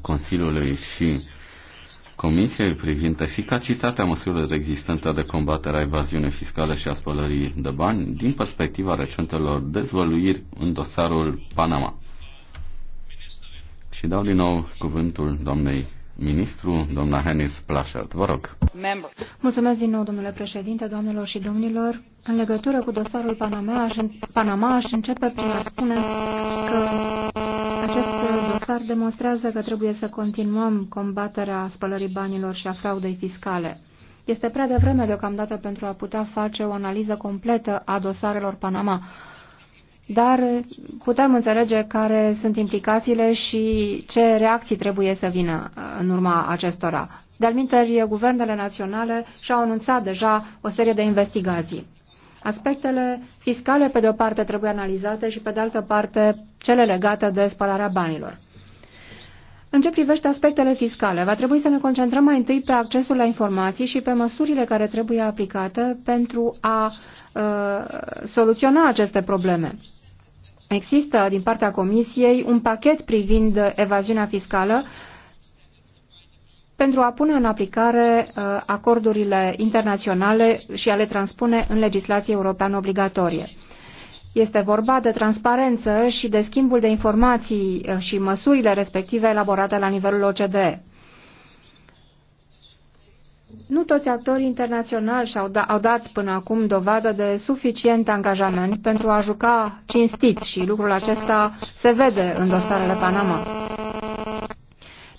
Consiliului și Comisiei privind eficacitatea măsurilor existente de combatere a evaziunii fiscale și a spălării de bani din perspectiva recentelor dezvăluiri în dosarul Panama. Și dau din nou cuvântul doamnei ministru, doamna Hennis Plashert. Vă rog. Mulțumesc din nou, domnule președinte, doamnelor și domnilor. În legătură cu dosarul Panama, aș, Panama, aș începe prin a spune că Madagascar demonstrează că trebuie să continuăm combaterea spălării banilor și a fraudei fiscale. Este prea devreme deocamdată pentru a putea face o analiză completă a dosarelor Panama, dar putem înțelege care sunt implicațiile și ce reacții trebuie să vină în urma acestora. De-al guvernele naționale și-au anunțat deja o serie de investigații. Aspectele fiscale, pe de o parte, trebuie analizate și, pe de altă parte, cele legate de spălarea banilor. În ce privește aspectele fiscale, va trebui să ne concentrăm mai întâi pe accesul la informații și pe măsurile care trebuie aplicate pentru a uh, soluționa aceste probleme. Există din partea Comisiei un pachet privind evaziunea fiscală pentru a pune în aplicare uh, acordurile internaționale și a le transpune în legislație europeană obligatorie. Este vorba de transparență și de schimbul de informații eh, și măsurile respective elaborate la nivelul OCDE. Nu toți actorii internaționali și-au da, au dat până acum dovadă de suficient angajament pentru a juca cinstit și lucrul acesta se vede în dosarele Panama.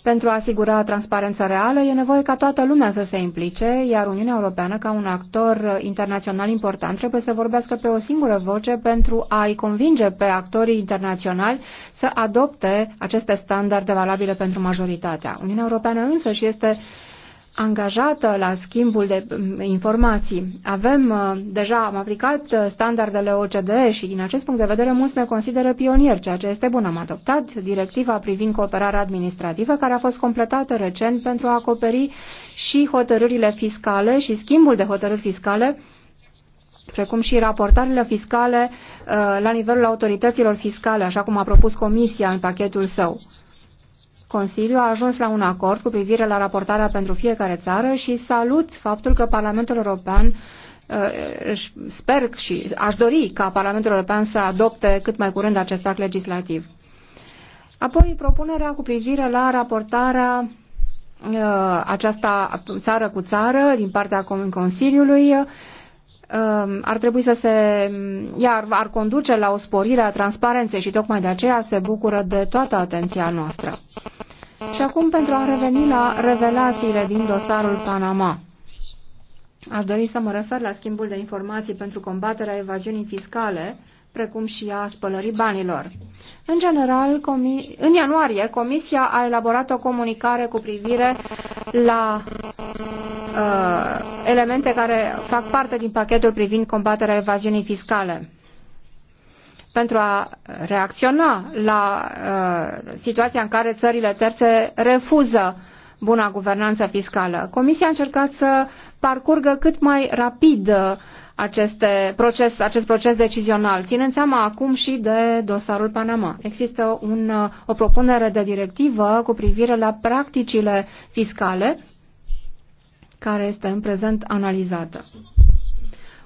Pentru a asigura transparența reală, e nevoie ca toată lumea să se implice, iar Uniunea Europeană, ca un actor internațional important, trebuie să vorbească pe o singură voce pentru a-i convinge pe actorii internaționali să adopte aceste standarde valabile pentru majoritatea. Uniunea Europeană însă și este uh, angajată la schimbul de mm, informații. Avem uh, deja, am aplicat uh, standardele OCDE și din acest punct de vedere mulți ne consideră pionier, ceea ce este bun. Am adoptat directiva privind cooperarea administrativă care a fost completată recent pentru a acoperi și hotărârile fiscale și schimbul de hotărâri fiscale precum și raportările fiscale uh, la nivelul autorităților fiscale, așa cum a propus Comisia în pachetul său. Consiliu a ajuns la un acord cu privire la raportarea pentru fiecare țară și salut faptul că Parlamentul European uh, sper și aș dori ca Parlamentul European să adopte cât mai curând acest act legislativ. Apoi, propunerea cu privire la raportarea uh, aceasta țară cu țară din partea Consiliului uh, Um, ar trebui să se, ea ar, ar conduce la o sporire a transparenței și tocmai de aceea se bucură de toată atenția noastră. Și acum pentru a reveni la revelațiile din dosarul Panama. Aș dori să mă refer la schimbul de informații pentru combaterea evaziunii fiscale, precum și a spălării banilor. În general, în ianuarie, Comisia a elaborat o comunicare cu privire la uh, elemente care fac parte din pachetul privind combaterea evaziunii fiscale. Pentru a reacționa la uh, situația în care țările terțe refuză buna guvernanță fiscală, Comisia a încercat să parcurgă cât mai rapid uh, aceste proces, acest proces decizional, ținând seama acum și de dosarul Panama. Există un, o propunere de directivă cu privire la practicile fiscale care este în prezent analizată.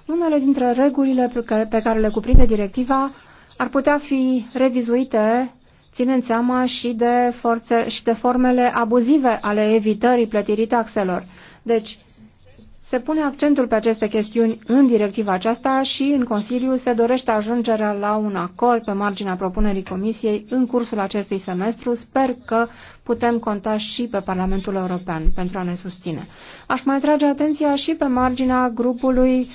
Unele dintre regulile pe care, le cuprinde directiva ar putea fi revizuite ținând seama și de, forțe, și de formele abuzive ale evitării plătirii taxelor. Deci, se pune accentul pe aceste chestiuni în directiva aceasta și în Consiliu se dorește ajungerea la un acord pe marginea propunerii Comisiei în cursul acestui semestru. Sper că putem conta și pe Parlamentul European pentru a ne susține. Aș mai trage atenția și pe marginea grupului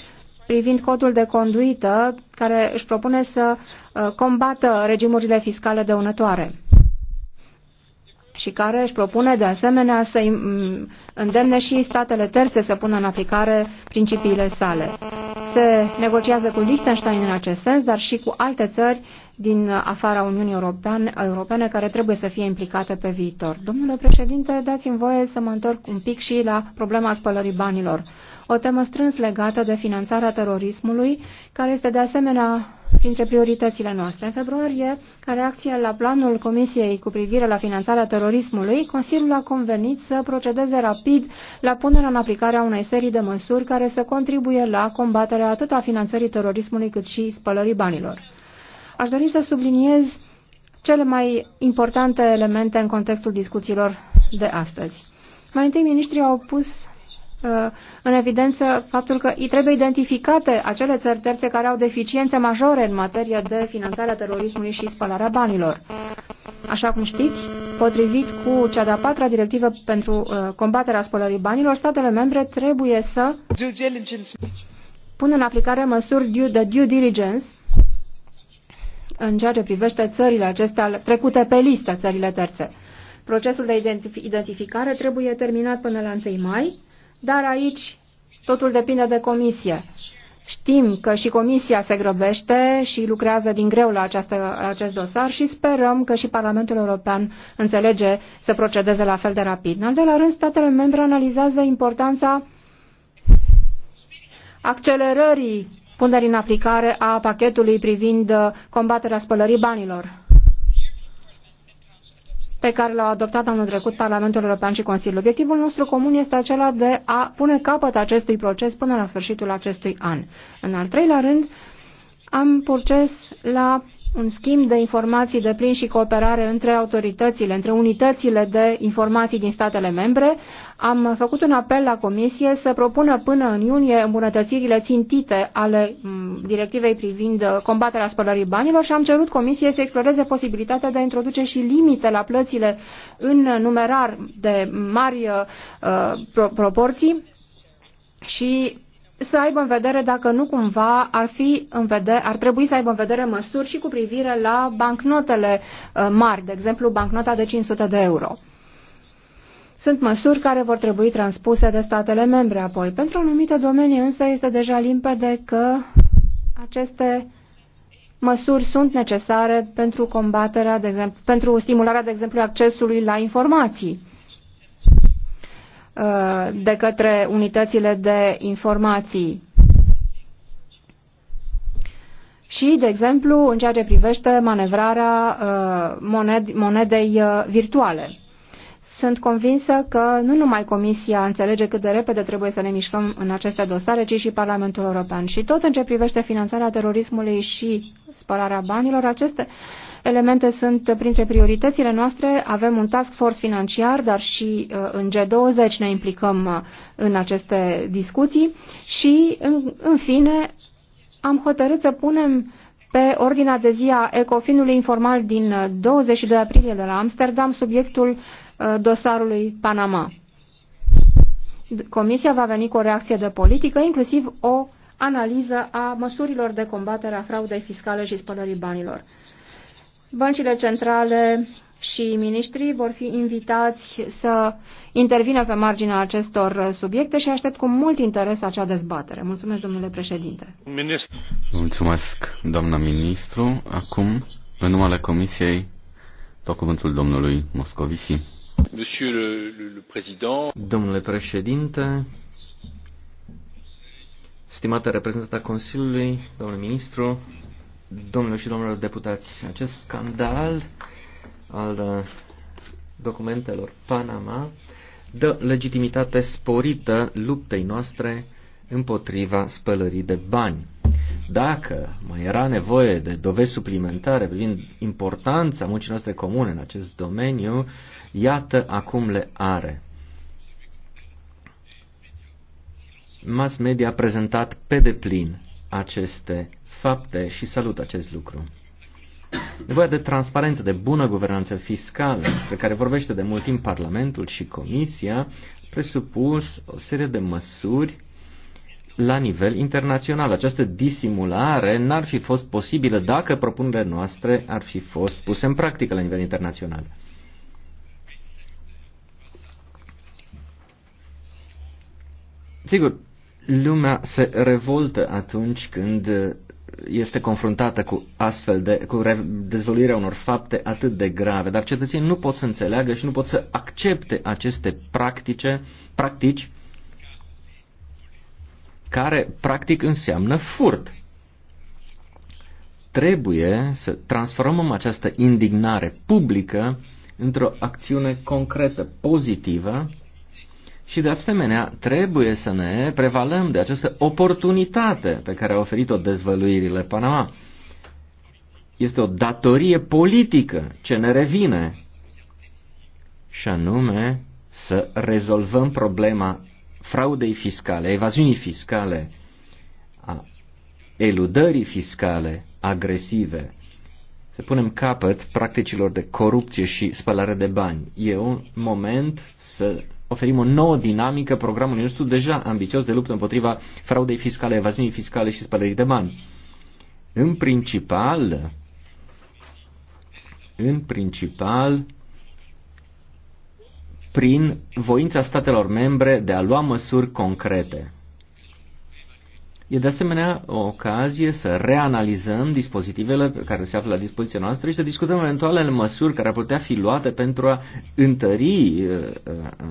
privind codul de conduită care își propune să uh, combată regimurile fiscale dăunătoare și care își propune de asemenea să îndemne și statele terțe să pună în aplicare principiile sale. Se negociază cu Liechtenstein în acest sens, dar și cu alte țări din afara Uniunii Europeane, Europene care trebuie să fie implicate pe viitor. Domnule președinte, dați-mi voie să mă întorc un pic și la problema spălării banilor o temă strâns legată de finanțarea terorismului, care este de asemenea printre prioritățile noastre. În februarie, ca reacție la planul Comisiei cu privire la finanțarea terorismului, Consiliul a convenit să procedeze rapid la punerea în aplicare a unei serii de măsuri care să contribuie la combaterea atât a finanțării terorismului cât și spălării banilor. Aș dori să subliniez cele mai importante elemente în contextul discuțiilor de astăzi. Mai întâi, ministrii au pus Uh, în evidență faptul că trebuie identificate acele țări terțe care au deficiențe majore în materie de finanțarea terorismului și spălarea banilor. Așa cum știți, potrivit cu cea de-a patra directivă pentru uh, combaterea spălării banilor, statele membre trebuie să pună în aplicare măsuri de due diligence în ceea ce privește țările acestea trecute pe listă, țările terțe. Procesul de identificare trebuie terminat până la 1 mai dar aici totul depinde de comisie. Știm că și comisia se grăbește și lucrează din greu la, această, la acest dosar și sperăm că și Parlamentul European înțelege să procedeze la fel de rapid. În al doilea rând, statele membre analizează importanța accelerării punerii în aplicare a pachetului privind combaterea spălării banilor pe care l-au adoptat anul trecut Parlamentul European și Consiliul. Obiectivul nostru comun este acela de a pune capăt acestui proces până la sfârșitul acestui an. În al treilea rând, am proces la un schimb de informații de plin și cooperare între autoritățile, între unitățile de informații din statele membre, am făcut un apel la Comisie să propună până în iunie îmbunătățirile țintite ale mm, directivei privind uh, combaterea spălării banilor și am cerut Comisiei să exploreze posibilitatea de a introduce și limite la plățile în numerar de mari uh, uh proporții și să aibă în vedere dacă nu cumva ar, fi în vedere, ar trebui să aibă în vedere măsuri și cu privire la bancnotele uh, mari, de exemplu bancnota de 500 de euro. Sunt măsuri care vor trebui transpuse de statele membre apoi. Pentru anumite domenii însă este deja limpede că aceste măsuri sunt necesare pentru combaterea, de exemplu, pentru stimularea, de exemplu, accesului la informații. Uh, de către unitățile de informații. Și, de exemplu, în ceea ce privește manevrarea uh, monedei uh, virtuale. Sunt convinsă că nu numai Comisia înțelege cât de repede trebuie să ne mișcăm în aceste dosare, ci și Parlamentul European. Și tot în ce privește finanțarea terorismului și spălarea banilor, aceste uh, elemente sunt printre prioritățile noastre. Avem un task force financiar, dar și uh, în G20 ne implicăm uh, în aceste discuții și, în, în fine, am hotărât să punem pe ordinea de zi a Ecofinului informal din 22 uh, aprilie de la Amsterdam subiectul dosarului Panama. Comisia va veni cu o reacție de politică, inclusiv o analiză a măsurilor de combatere a fraudei fiscale și spălării banilor. Băncile centrale și ministrii vor fi invitați să intervină pe marginea acestor subiecte și aștept cu mult interes acea dezbatere. Mulțumesc, domnule președinte. Ministru. Mulțumesc, doamna ministru. Acum, în numele Comisiei, dau cuvântul domnului Moscovici. Domnule președinte, stimată reprezentanta Consiliului, domnule ministru, domnilor și domnilor deputați, acest scandal al uh, documentelor Panama dă legitimitate sporită luptei noastre împotriva spălării de bani. Dacă mai era nevoie de dovezi suplimentare privind importanța muncii noastre comune în acest domeniu, iată acum le are. Mass media a prezentat pe deplin aceste fapte și salut acest lucru. Nevoia de transparență, de bună guvernanță fiscală, despre care vorbește de mult timp Parlamentul și Comisia, presupus o serie de măsuri la nivel internațional. Această disimulare n-ar fi fost posibilă dacă propunerile noastre ar fi fost puse în practică la nivel internațional. Sigur, lumea se revoltă atunci când este confruntată cu astfel de, cu dezvăluirea unor fapte atât de grave, dar cetățenii nu pot să înțeleagă și nu pot să accepte aceste practice, practici care practic înseamnă furt. Trebuie să transformăm această indignare publică într-o acțiune concretă, pozitivă, și de asemenea, trebuie să ne prevalăm de această oportunitate pe care a oferit-o dezvăluirile Panama. Este o datorie politică ce ne revine și anume să rezolvăm problema fraudei fiscale, evaziunii fiscale, a eludării fiscale agresive, să punem capăt practicilor de corupție și spălare de bani. E un moment să oferim o nouă dinamică programului nostru deja ambițios de luptă împotriva fraudei fiscale, evaziunii fiscale și spălării de bani. În principal, în principal, prin voința statelor membre de a lua măsuri concrete. E de asemenea o ocazie să reanalizăm dispozitivele care se află la dispoziția noastră și să discutăm eventualele măsuri care ar putea fi luate pentru a întări uh, uh,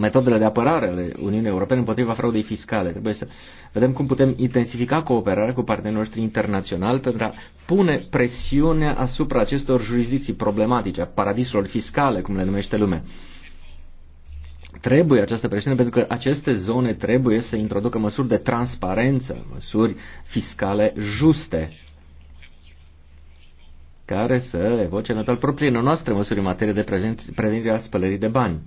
metodele de apărare ale Uniunii Europene împotriva fraudei fiscale. Trebuie să vedem cum putem intensifica cooperarea cu partenerii noștri internaționali pentru a pune presiune asupra acestor jurisdicții problematice, a paradisurilor fiscale, cum le numește lumea trebuie această presiune pentru că aceste zone trebuie să introducă măsuri de transparență, măsuri fiscale juste care să evoce în total propriile noastre măsuri în materie de prevenire a spălării de bani.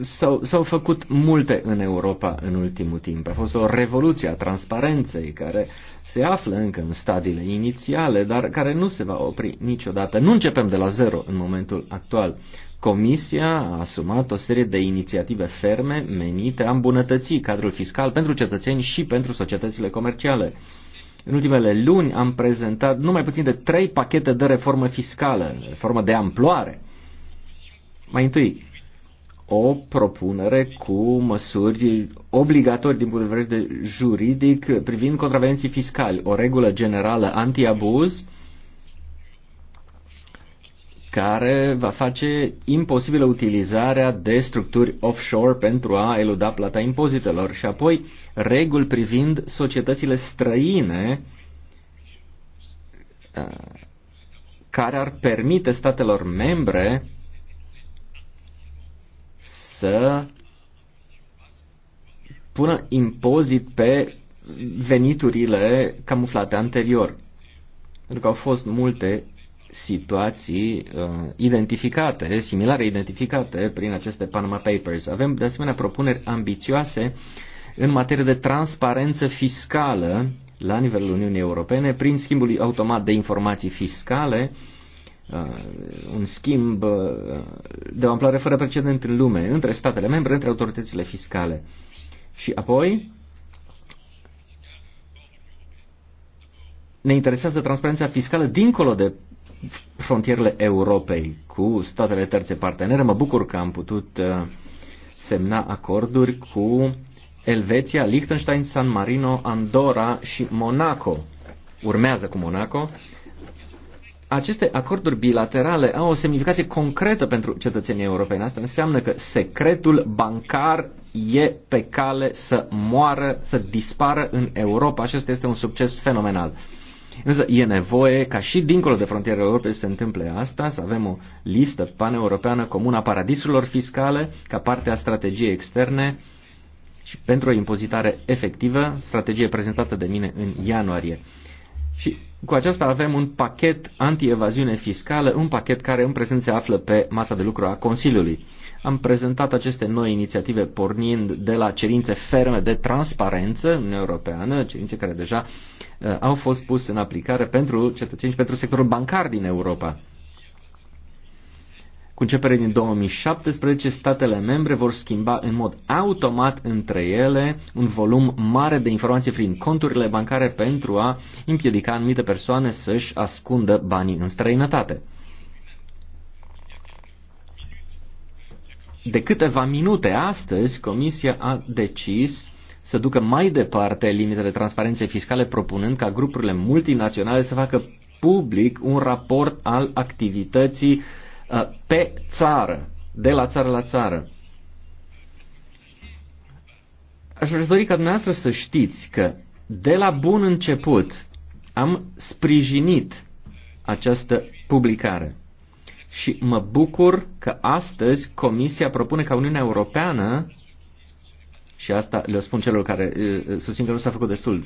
S-au, făcut multe în Europa în ultimul timp. A fost o revoluție a transparenței care se află încă în stadiile inițiale, dar care nu se va opri niciodată. Nu începem de la zero în momentul actual. Comisia a asumat o serie de inițiative ferme menite a îmbunătăți cadrul fiscal pentru cetățeni și pentru societățile comerciale. În ultimele luni am prezentat numai puțin de trei pachete de reformă fiscală, reformă de amploare. Mai întâi, o propunere cu măsuri obligatorii din punct de vedere juridic privind contravenții fiscali, o regulă generală anti-abuz care va face imposibilă utilizarea de structuri offshore pentru a eluda plata impozitelor și apoi reguli privind societățile străine uh, care ar permite statelor membre să pună impozit pe veniturile camuflate anterior. Pentru că au fost multe situații uh, identificate, similare identificate prin aceste Panama Papers. Avem de asemenea propuneri ambițioase în materie de transparență fiscală la nivelul Uniunii Europene prin schimbul automat de informații fiscale uh, Uh, un schimb uh, de o amploare fără precedent în lume, între statele membre, între autoritățile fiscale. Și apoi ne interesează transparența fiscală dincolo de frontierele Europei cu statele terțe partenere. Mă bucur că am putut uh, semna acorduri cu Elveția, Liechtenstein, San Marino, Andorra și Monaco. Urmează cu Monaco aceste acorduri bilaterale au o semnificație concretă pentru cetățenii europeni. Asta înseamnă că secretul bancar e pe cale să moară, să dispară în Europa. Acesta este un succes fenomenal. Însă e nevoie ca și dincolo de frontierele Europei să se întâmple asta, să avem o listă paneuropeană comună a paradisurilor fiscale ca parte a strategiei externe și pentru o impozitare efectivă, strategie prezentată de mine în ianuarie. Și cu aceasta avem un pachet anti-evaziune fiscală, un pachet care în prezent se află pe masa de lucru a Consiliului. Am prezentat aceste noi inițiative pornind de la cerințe ferme de transparență în Europeană, cerințe care deja uh, au fost puse în aplicare pentru cetățeni și pentru sectorul bancar din Europa începere din 2017, statele membre vor schimba în mod automat între ele un volum mare de informații prin conturile bancare pentru a împiedica anumite persoane să-și ascundă banii în străinătate. De câteva minute astăzi, Comisia a decis să ducă mai departe limitele transparenței fiscale, propunând ca grupurile multinaționale să facă public un raport al activității uh, Uh, pe țară, de la țară la țară. Aș vrea dori ca dumneavoastră să știți că de la bun început am sprijinit această publicare. Și mă bucur că astăzi Comisia propune ca Uniunea Europeană, și asta le spun celor care uh, uh, susțin că nu s-a făcut destul,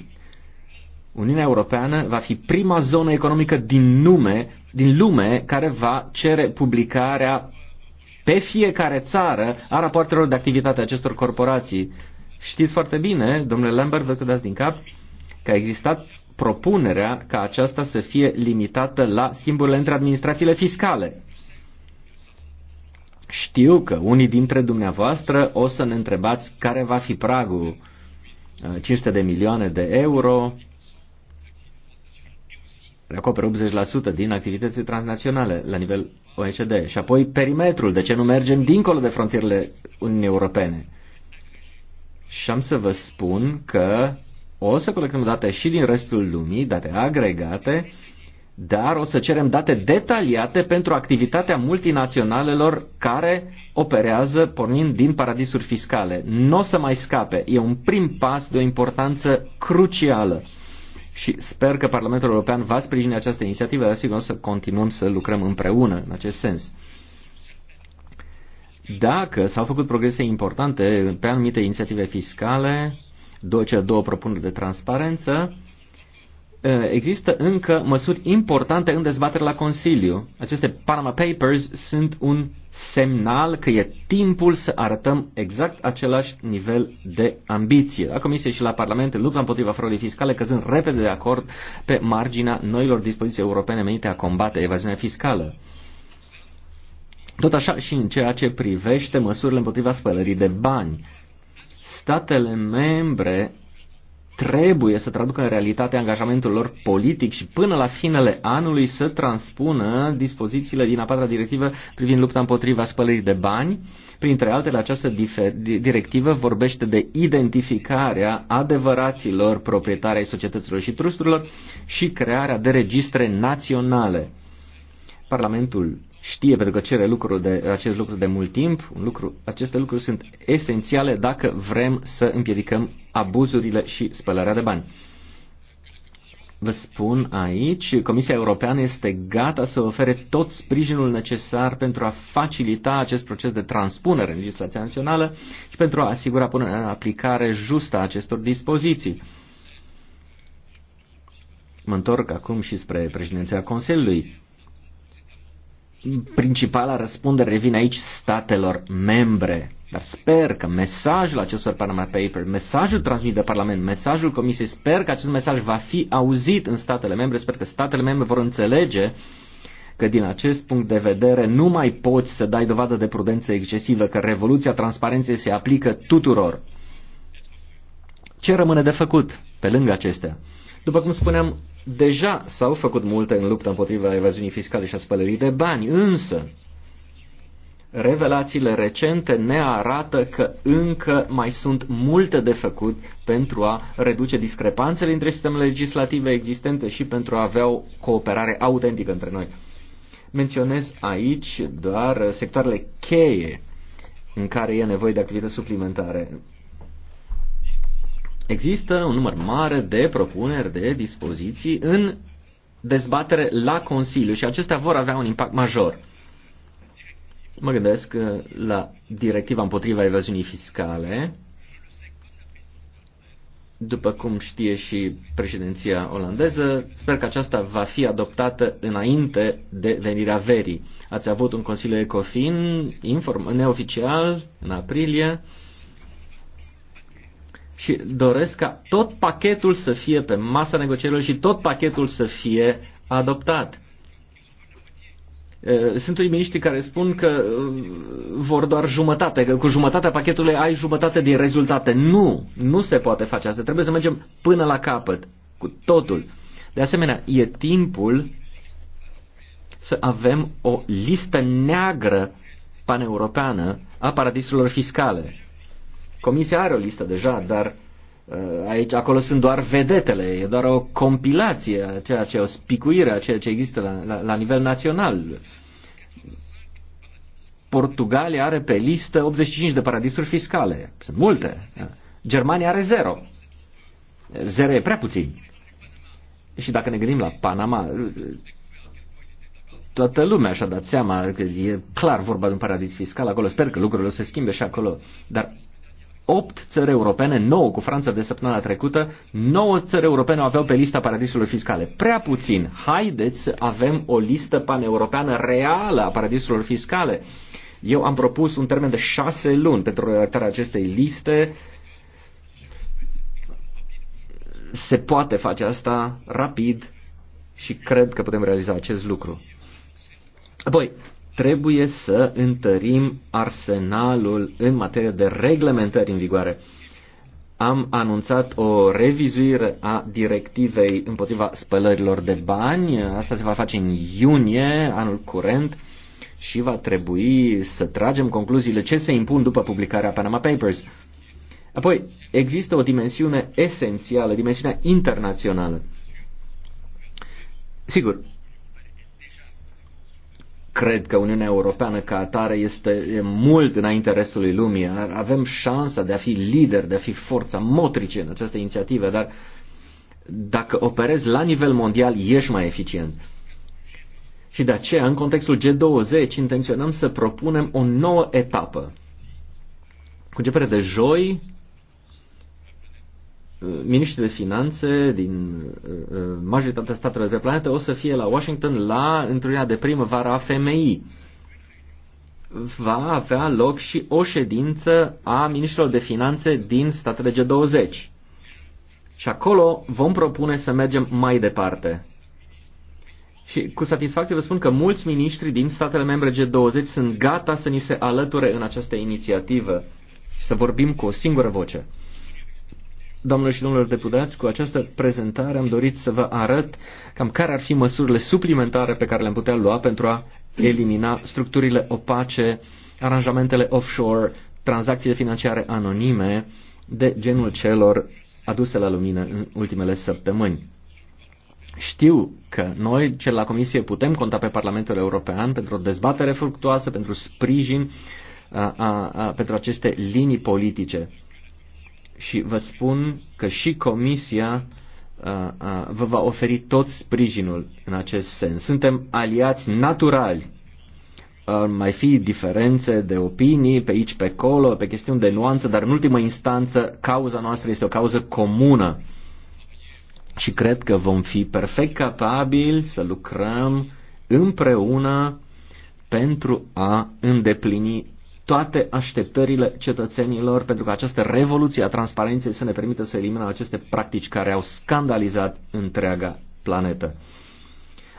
Uniunea Europeană va fi prima zonă economică din, lume, din lume care va cere publicarea pe fiecare țară a rapoartelor de activitate a acestor corporații. Știți foarte bine, domnule Lambert, vă dați din cap, că a existat propunerea ca aceasta să fie limitată la schimburile între administrațiile fiscale. Știu că unii dintre dumneavoastră o să ne întrebați care va fi pragul 500 de milioane de euro, acoperă 80% din activitățile transnaționale la nivel OECD. Și apoi perimetrul, de ce nu mergem dincolo de frontierele Uniunii Europene? Și am să vă spun că o să colectăm date și din restul lumii, date agregate, dar o să cerem date detaliate pentru activitatea multinaționalelor care operează pornind din paradisuri fiscale. Nu o să mai scape. E un prim pas de o importanță crucială și sper că Parlamentul European va sprijini această inițiativă, dar sigur să continuăm să lucrăm împreună în acest sens. Dacă s-au făcut progrese importante pe anumite inițiative fiscale, două, două propuneri de transparență, Uh, există încă măsuri importante în dezbatere la Consiliu. Aceste Panama Papers sunt un semnal că e timpul să arătăm exact același nivel de ambiție. La Comisie și la Parlament luptă împotriva fraudei fiscale căzând repede de acord pe marginea noilor dispoziții europene menite a combate evaziunea fiscală. Tot așa și în ceea ce privește măsurile împotriva spălării de bani. Statele membre trebuie să traducă în realitate angajamentul lor politic și până la finele anului să transpună dispozițiile din a patra directivă privind lupta împotriva spălării de bani. Printre altele, această directivă vorbește de identificarea adevăraților proprietari ai societăților și trusturilor și crearea de registre naționale. Parlamentul știe, pentru că cere lucrul de, acest lucru de mult timp. Un lucru, aceste lucruri sunt esențiale dacă vrem să împiedicăm abuzurile și spălarea de bani. Vă spun aici, Comisia Europeană este gata să ofere tot sprijinul necesar pentru a facilita acest proces de transpunere în legislația națională și pentru a asigura până în aplicare justă a acestor dispoziții. Mă întorc acum și spre președinția Consiliului principala răspundere revine aici statelor membre. Dar sper că mesajul acestor Panama Paper, mesajul transmis de Parlament, mesajul Comisiei, sper că acest mesaj va fi auzit în statele membre, sper că statele membre vor înțelege că din acest punct de vedere nu mai poți să dai dovadă de prudență excesivă, că revoluția transparenței se aplică tuturor. Ce rămâne de făcut pe lângă acestea? După cum spuneam, Deja s-au făcut multe în lupta împotriva evaziunii fiscale și a spălării de bani, însă revelațiile recente ne arată că încă mai sunt multe de făcut pentru a reduce discrepanțele între sistemele legislative existente și pentru a avea o cooperare autentică între noi. Menționez aici doar sectoarele cheie în care e nevoie de activități suplimentare. Există un număr mare de propuneri, de dispoziții în dezbatere la Consiliu și acestea vor avea un impact major. Mă gândesc uh, la directiva împotriva evaziunii fiscale. După cum știe și președinția olandeză, sper că aceasta va fi adoptată înainte de venirea verii. Ați avut un Consiliu Ecofin inform, neoficial în aprilie și doresc ca tot pachetul să fie pe masa negocierilor și tot pachetul să fie adoptat. Eh, sunt unii miniștri care spun că eh, vor doar jumătate, că cu jumătatea pachetului ai jumătate din rezultate. Nu, nu se poate face asta. Trebuie să mergem până la capăt, cu totul. De asemenea, e timpul să avem o listă neagră paneuropeană a paradisurilor fiscale. Comisia are o listă deja, dar uh, aici, acolo sunt doar vedetele, e doar o compilație a ceea ce, o spicuire a ceea ce există la, la, la nivel național. Portugalia are pe listă 85 de paradisuri fiscale. Sunt multe. Germania are zero. Zero e prea puțin. Și dacă ne gândim la Panama, toată lumea și-a dat seama că e clar vorba de un paradis fiscal acolo. Sper că lucrurile o să schimbe și acolo. Dar 8 țări europene, 9 cu Franța de săptămâna trecută, 9 țări europene aveau pe lista paradisurilor fiscale. Prea puțin. Haideți să avem o listă paneuropeană reală a paradisurilor fiscale. Eu am propus un termen de 6 luni pentru redactarea acestei liste. Se poate face asta rapid și cred că putem realiza acest lucru. Apoi, trebuie să întărim arsenalul în materie de reglementări în vigoare. Am anunțat o revizuire a directivei împotriva spălărilor de bani. Asta se va face în iunie, anul curent, și va trebui să tragem concluziile ce se impun după publicarea Panama Papers. Apoi, există o dimensiune esențială, dimensiunea internațională. Sigur, cred că Uniunea Europeană ca atare este mult înainte restului lumii. Avem șansa de a fi lider, de a fi forța motrice în aceste inițiative, dar dacă operezi la nivel mondial, ești mai eficient. Și de aceea, în contextul G20, intenționăm să propunem o nouă etapă. Cu începere de joi, miniștri de finanțe din uh, uh, majoritatea statelor de pe planetă o să fie la Washington la întâlnirea de primăvară a FMI. Va avea loc și o ședință a miniștrilor de finanțe din statele G20. Și acolo vom propune să mergem mai departe. Și cu satisfacție vă spun că mulți miniștri din statele membre G20 sunt gata să ni se alăture în această inițiativă și să vorbim cu o singură voce. Domnule și domnilor deputați, cu această prezentare am dorit să vă arăt cam care ar fi măsurile suplimentare pe care le-am putea lua pentru a elimina structurile opace, aranjamentele offshore, tranzacțiile financiare anonime de genul celor aduse la lumină în ultimele săptămâni. Știu că noi, cel la Comisie, putem conta pe Parlamentul European pentru o dezbatere fructuoasă, pentru sprijin, a, a, a, pentru aceste linii politice și vă spun că și Comisia uh, uh, vă va oferi tot sprijinul în acest sens. Suntem aliați naturali. Ar mai fi diferențe de opinii pe aici, pe acolo, pe chestiuni de nuanță, dar în ultimă instanță cauza noastră este o cauză comună. Și cred că vom fi perfect capabili să lucrăm împreună pentru a îndeplini toate așteptările cetățenilor pentru că această revoluție a transparenței să ne permită să eliminăm aceste practici care au scandalizat întreaga planetă.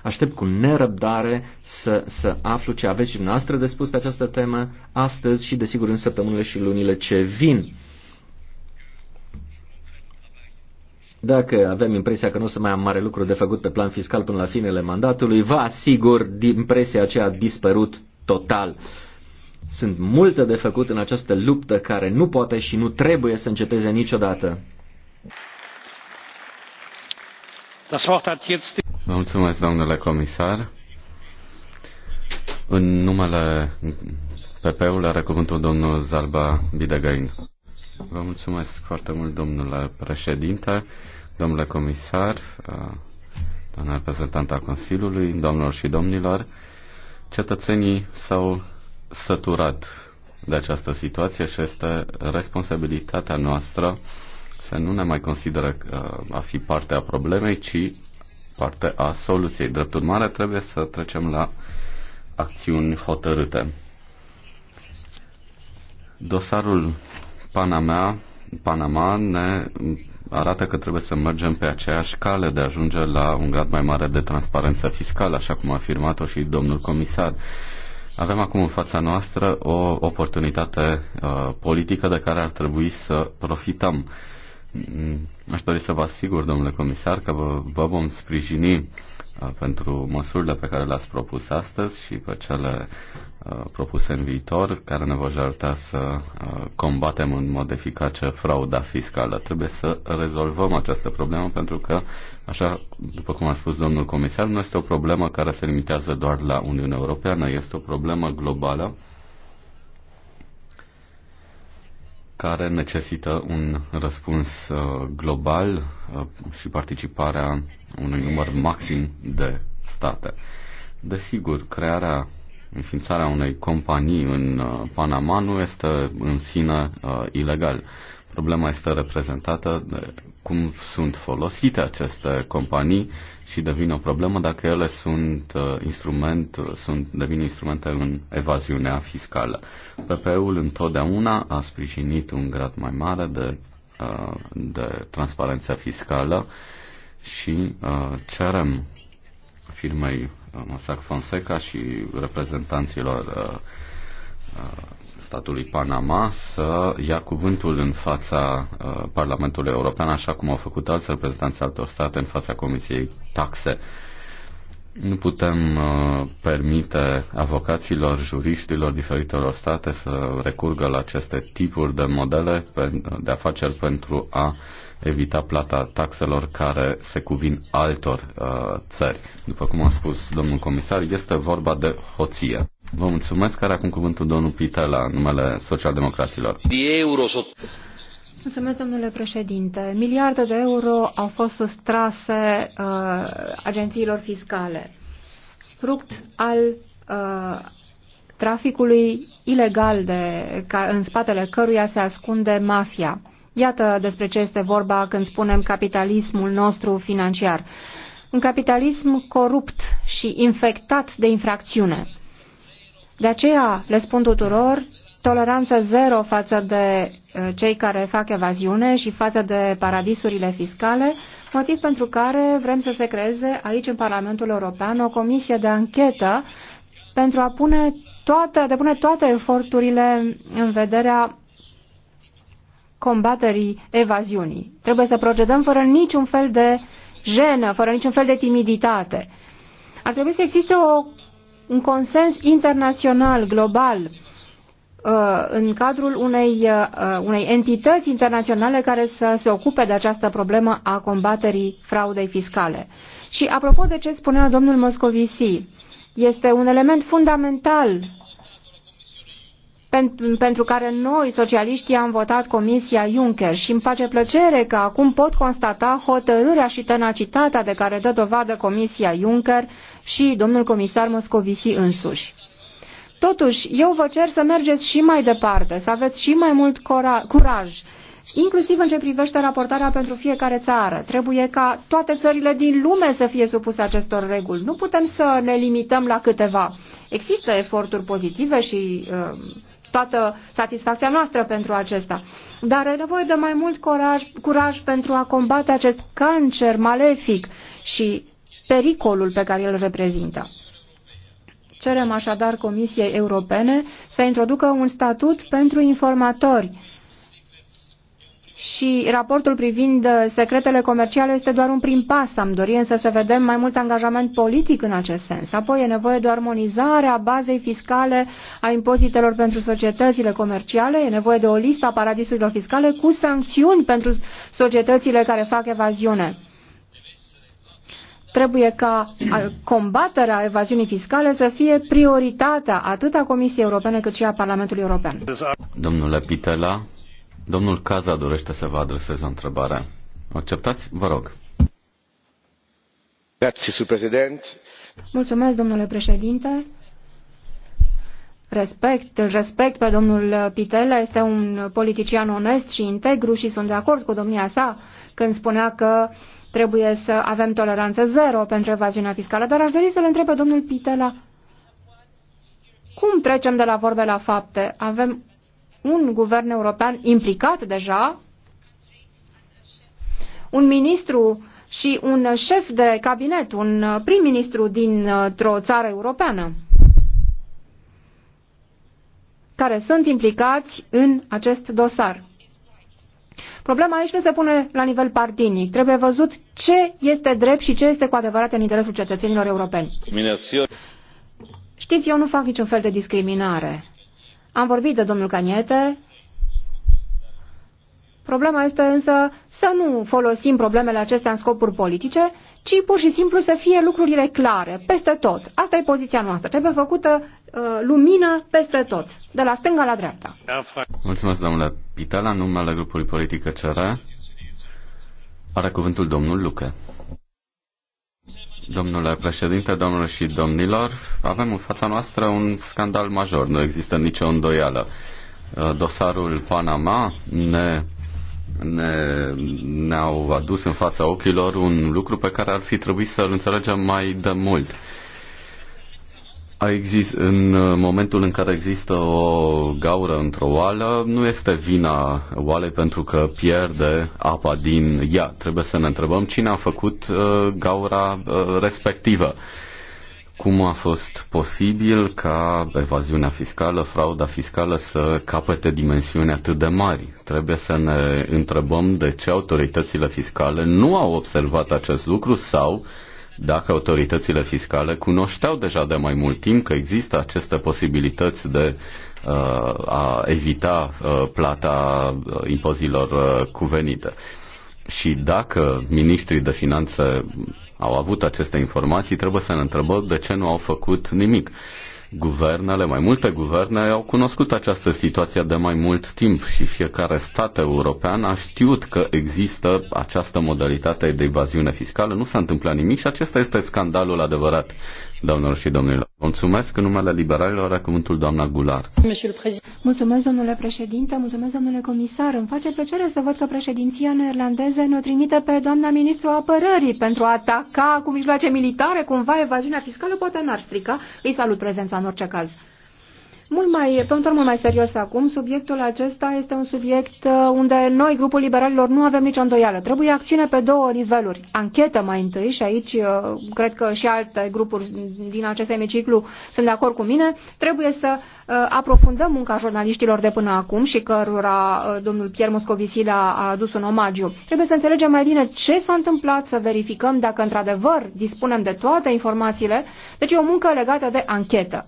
Aștept cu nerăbdare să, să aflu ce aveți și noastră de spus pe această temă astăzi și, desigur, în săptămânile și lunile ce vin. Dacă avem impresia că nu o să mai am mare lucru de făcut pe plan fiscal până la finele mandatului, vă asigur, impresia aceea a dispărut total. Sunt multe de făcut în această luptă care nu poate și nu trebuie să înceteze niciodată. Vă mulțumesc, domnule comisar. În numele PP-ul are cuvântul domnul Zalba Bidegain. Vă mulțumesc foarte mult, domnule președinte, domnule comisar, doamna reprezentantă a Consiliului, domnilor și domnilor. Cetățenii s-au săturat de această situație și este responsabilitatea noastră să nu ne mai consideră uh, a fi parte a problemei, ci parte a soluției. Drept urmare, trebuie să trecem la acțiuni hotărâte. Dosarul Panama, Panama ne arată că trebuie să mergem pe aceeași cale de a ajunge la un grad mai mare de transparență fiscală, așa cum a afirmat-o și domnul comisar. Avem acum în fața noastră o oportunitate uh, politică de care ar trebui să profităm. Mm, aș dori să vă asigur, domnule comisar, că vă, vă vom sprijini pentru măsurile pe care le-ați propus astăzi și pe cele propuse în viitor, care ne vor ajuta să combatem în mod eficace frauda fiscală. Trebuie să rezolvăm această problemă pentru că, așa după cum a spus domnul comisar, nu este o problemă care se limitează doar la Uniunea Europeană, este o problemă globală care necesită un răspuns uh, global uh, și participarea unui număr maxim de state. Desigur, crearea, înființarea unei companii în uh, Panama nu este în sine uh, ilegal. Problema este reprezentată de cum sunt folosite aceste companii și devine o problemă dacă ele sunt uh, instrument, sunt, devin instrumente în evaziunea fiscală. PPE-ul întotdeauna a sprijinit un grad mai mare de, uh, de transparență fiscală și uh, cerem firmei Mossack Fonseca și reprezentanților statului Panama să ia cuvântul în fața uh, Parlamentului European, așa cum au făcut alți reprezentanți altor state în fața Comisiei Taxe. Nu putem uh, permite avocaților, juriștilor diferitelor state să recurgă la aceste tipuri de modele de afaceri pentru a evita plata taxelor care se cuvin altor uh, țări. După cum a spus domnul comisar, este vorba de hoție. Vă mulțumesc, care acum cuvântul domnul la numele socialdemocraților. Mulțumesc, domnule președinte. Miliarde de euro au fost sustrase uh, agențiilor fiscale, fruct al uh, traficului ilegal de, ca, în spatele căruia se ascunde mafia. Iată despre ce este vorba când spunem capitalismul nostru financiar. Un capitalism corupt și infectat de infracțiune. De aceea le spun tuturor, toleranță zero față de uh, cei care fac evaziune și față de paradisurile fiscale, motiv pentru care vrem să se creeze aici în Parlamentul European o comisie de anchetă pentru a pune toate, depune toate eforturile în vederea combaterii evaziunii. Trebuie să procedăm fără niciun fel de jenă, fără niciun fel de timiditate. Ar trebui să existe o un consens internațional, global, uh, în cadrul unei, uh, uh, unei entități internaționale care să se ocupe de această problemă a combaterii fraudei fiscale. Și apropo de ce spunea domnul Moscovici, este un element fundamental pentru care noi, socialiștii, am votat Comisia Juncker și îmi face plăcere că acum pot constata hotărârea și tenacitatea de care dă dovadă Comisia Juncker și domnul comisar Moscovici însuși. Totuși, eu vă cer să mergeți și mai departe, să aveți și mai mult curaj, inclusiv în ce privește raportarea pentru fiecare țară. Trebuie ca toate țările din lume să fie supuse acestor reguli. Nu putem să ne limităm la câteva. Există eforturi pozitive și uh, toată satisfacția noastră pentru acesta. Dar e nevoie de mai mult curaj, curaj pentru a combate acest cancer malefic și pericolul pe care îl reprezintă. Cerem așadar Comisiei Europene să introducă un statut pentru informatori și raportul privind secretele comerciale este doar un prim pas. Am dorit însă să vedem mai mult angajament politic în acest sens. Apoi e nevoie de o armonizare a bazei fiscale a impozitelor pentru societățile comerciale, e nevoie de o listă a paradisurilor fiscale cu sancțiuni pentru societățile care fac evaziune. Trebuie ca combaterea evaziunii fiscale să fie prioritatea atât a Comisiei Europene cât și a Parlamentului European. Domnule Pitela, domnul Caza dorește să vă adreseze o întrebare. Acceptați? Vă rog. Mulțumesc, domnule președinte. Respect, îl respect pe domnul Pitela, este un politician onest și integru și sunt de acord cu domnia sa când spunea că uh, Trebuie să avem toleranță zero pentru evaziunea fiscală, dar aș dori să-l întreb pe domnul Pitela cum trecem de la vorbe la fapte. Avem un guvern european implicat deja, un ministru și un șef de cabinet, un prim-ministru dintr-o țară europeană care sunt implicați în acest dosar. Problema aici nu se pune la nivel partinic. Trebuie văzut ce este drept și ce este cu adevărat în interesul cetățenilor europeni. Știți, eu nu fac niciun fel de discriminare. Am vorbit de domnul Caniete. Problema este însă să nu folosim problemele acestea în scopuri politice, ci pur și simplu să fie lucrurile clare, peste tot. Asta e poziția noastră. Trebuie făcută uh, lumină peste tot, de la stânga la dreapta. Mulțumesc, domnule Pitala. Numele grupului politic CR are cuvântul domnul Luca. Domnule președinte, domnule și domnilor, avem în fața noastră un scandal major, nu există nicio îndoială. Uh, dosarul Panama ne ne, ne-au adus în fața ochilor un lucru pe care ar fi trebuit să-l înțelegem mai de mult. A exist, în momentul în care există o gaură într-o oală, nu este vina oalei pentru că pierde apa din ea. Trebuie să ne întrebăm cine a făcut uh, gaura uh, respectivă. Uh, cum a fost posibil ca evaziunea fiscală, frauda fiscală să capete dimensiuni atât de mari. Trebuie să ne întrebăm de ce autoritățile fiscale nu au observat acest lucru sau dacă autoritățile fiscale cunoșteau deja de mai mult timp că există aceste posibilități de uh, a evita uh, plata uh, impozilor uh, cuvenite. Și dacă ministrii de finanțe au avut aceste informații, trebuie să ne întrebăm de ce nu au făcut nimic. Guvernele, mai multe guverne au cunoscut această situație de mai mult timp și fiecare stat european a știut că există această modalitate de evaziune fiscală. Nu s-a întâmplat nimic și acesta este scandalul adevărat. Doamnelor și domnilor, mulțumesc în numele liberalilor, are cuvântul doamna Gular. Mulțumesc, domnule președinte, mulțumesc, domnule comisar. Îmi face plăcere să văd că președinția neerlandeză ne-o trimite pe doamna ministru apărării pentru a ataca cu mijloace militare cumva evaziunea fiscală, poate n-ar strica. Îi salut prezența în orice caz. Mult mai, pe un mult mai serios acum, subiectul acesta este un subiect uh, unde noi, grupul liberalilor, nu avem nicio îndoială. Trebuie acțiune pe două niveluri. Anchetă mai întâi și aici uh, cred că și alte grupuri din acest emiciclu sunt de acord cu mine. Trebuie să uh, aprofundăm munca jurnaliștilor de până acum și cărora domnul Pierre Moscovici a adus un omagiu. Trebuie să înțelegem mai bine ce s-a întâmplat, să verificăm dacă într-adevăr dispunem de toate informațiile. Deci e o muncă legată de anchetă.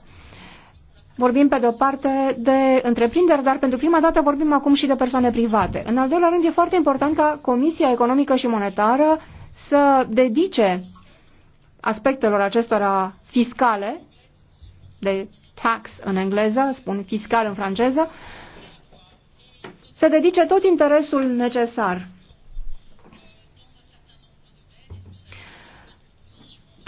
Vorbim pe de-o parte de întreprinderi, dar pentru prima dată vorbim acum și de persoane private. În al doilea rând, e foarte important ca Comisia Economică și Monetară să dedice aspectelor acestora fiscale, de tax în engleză, spun fiscal în franceză, să dedice tot interesul necesar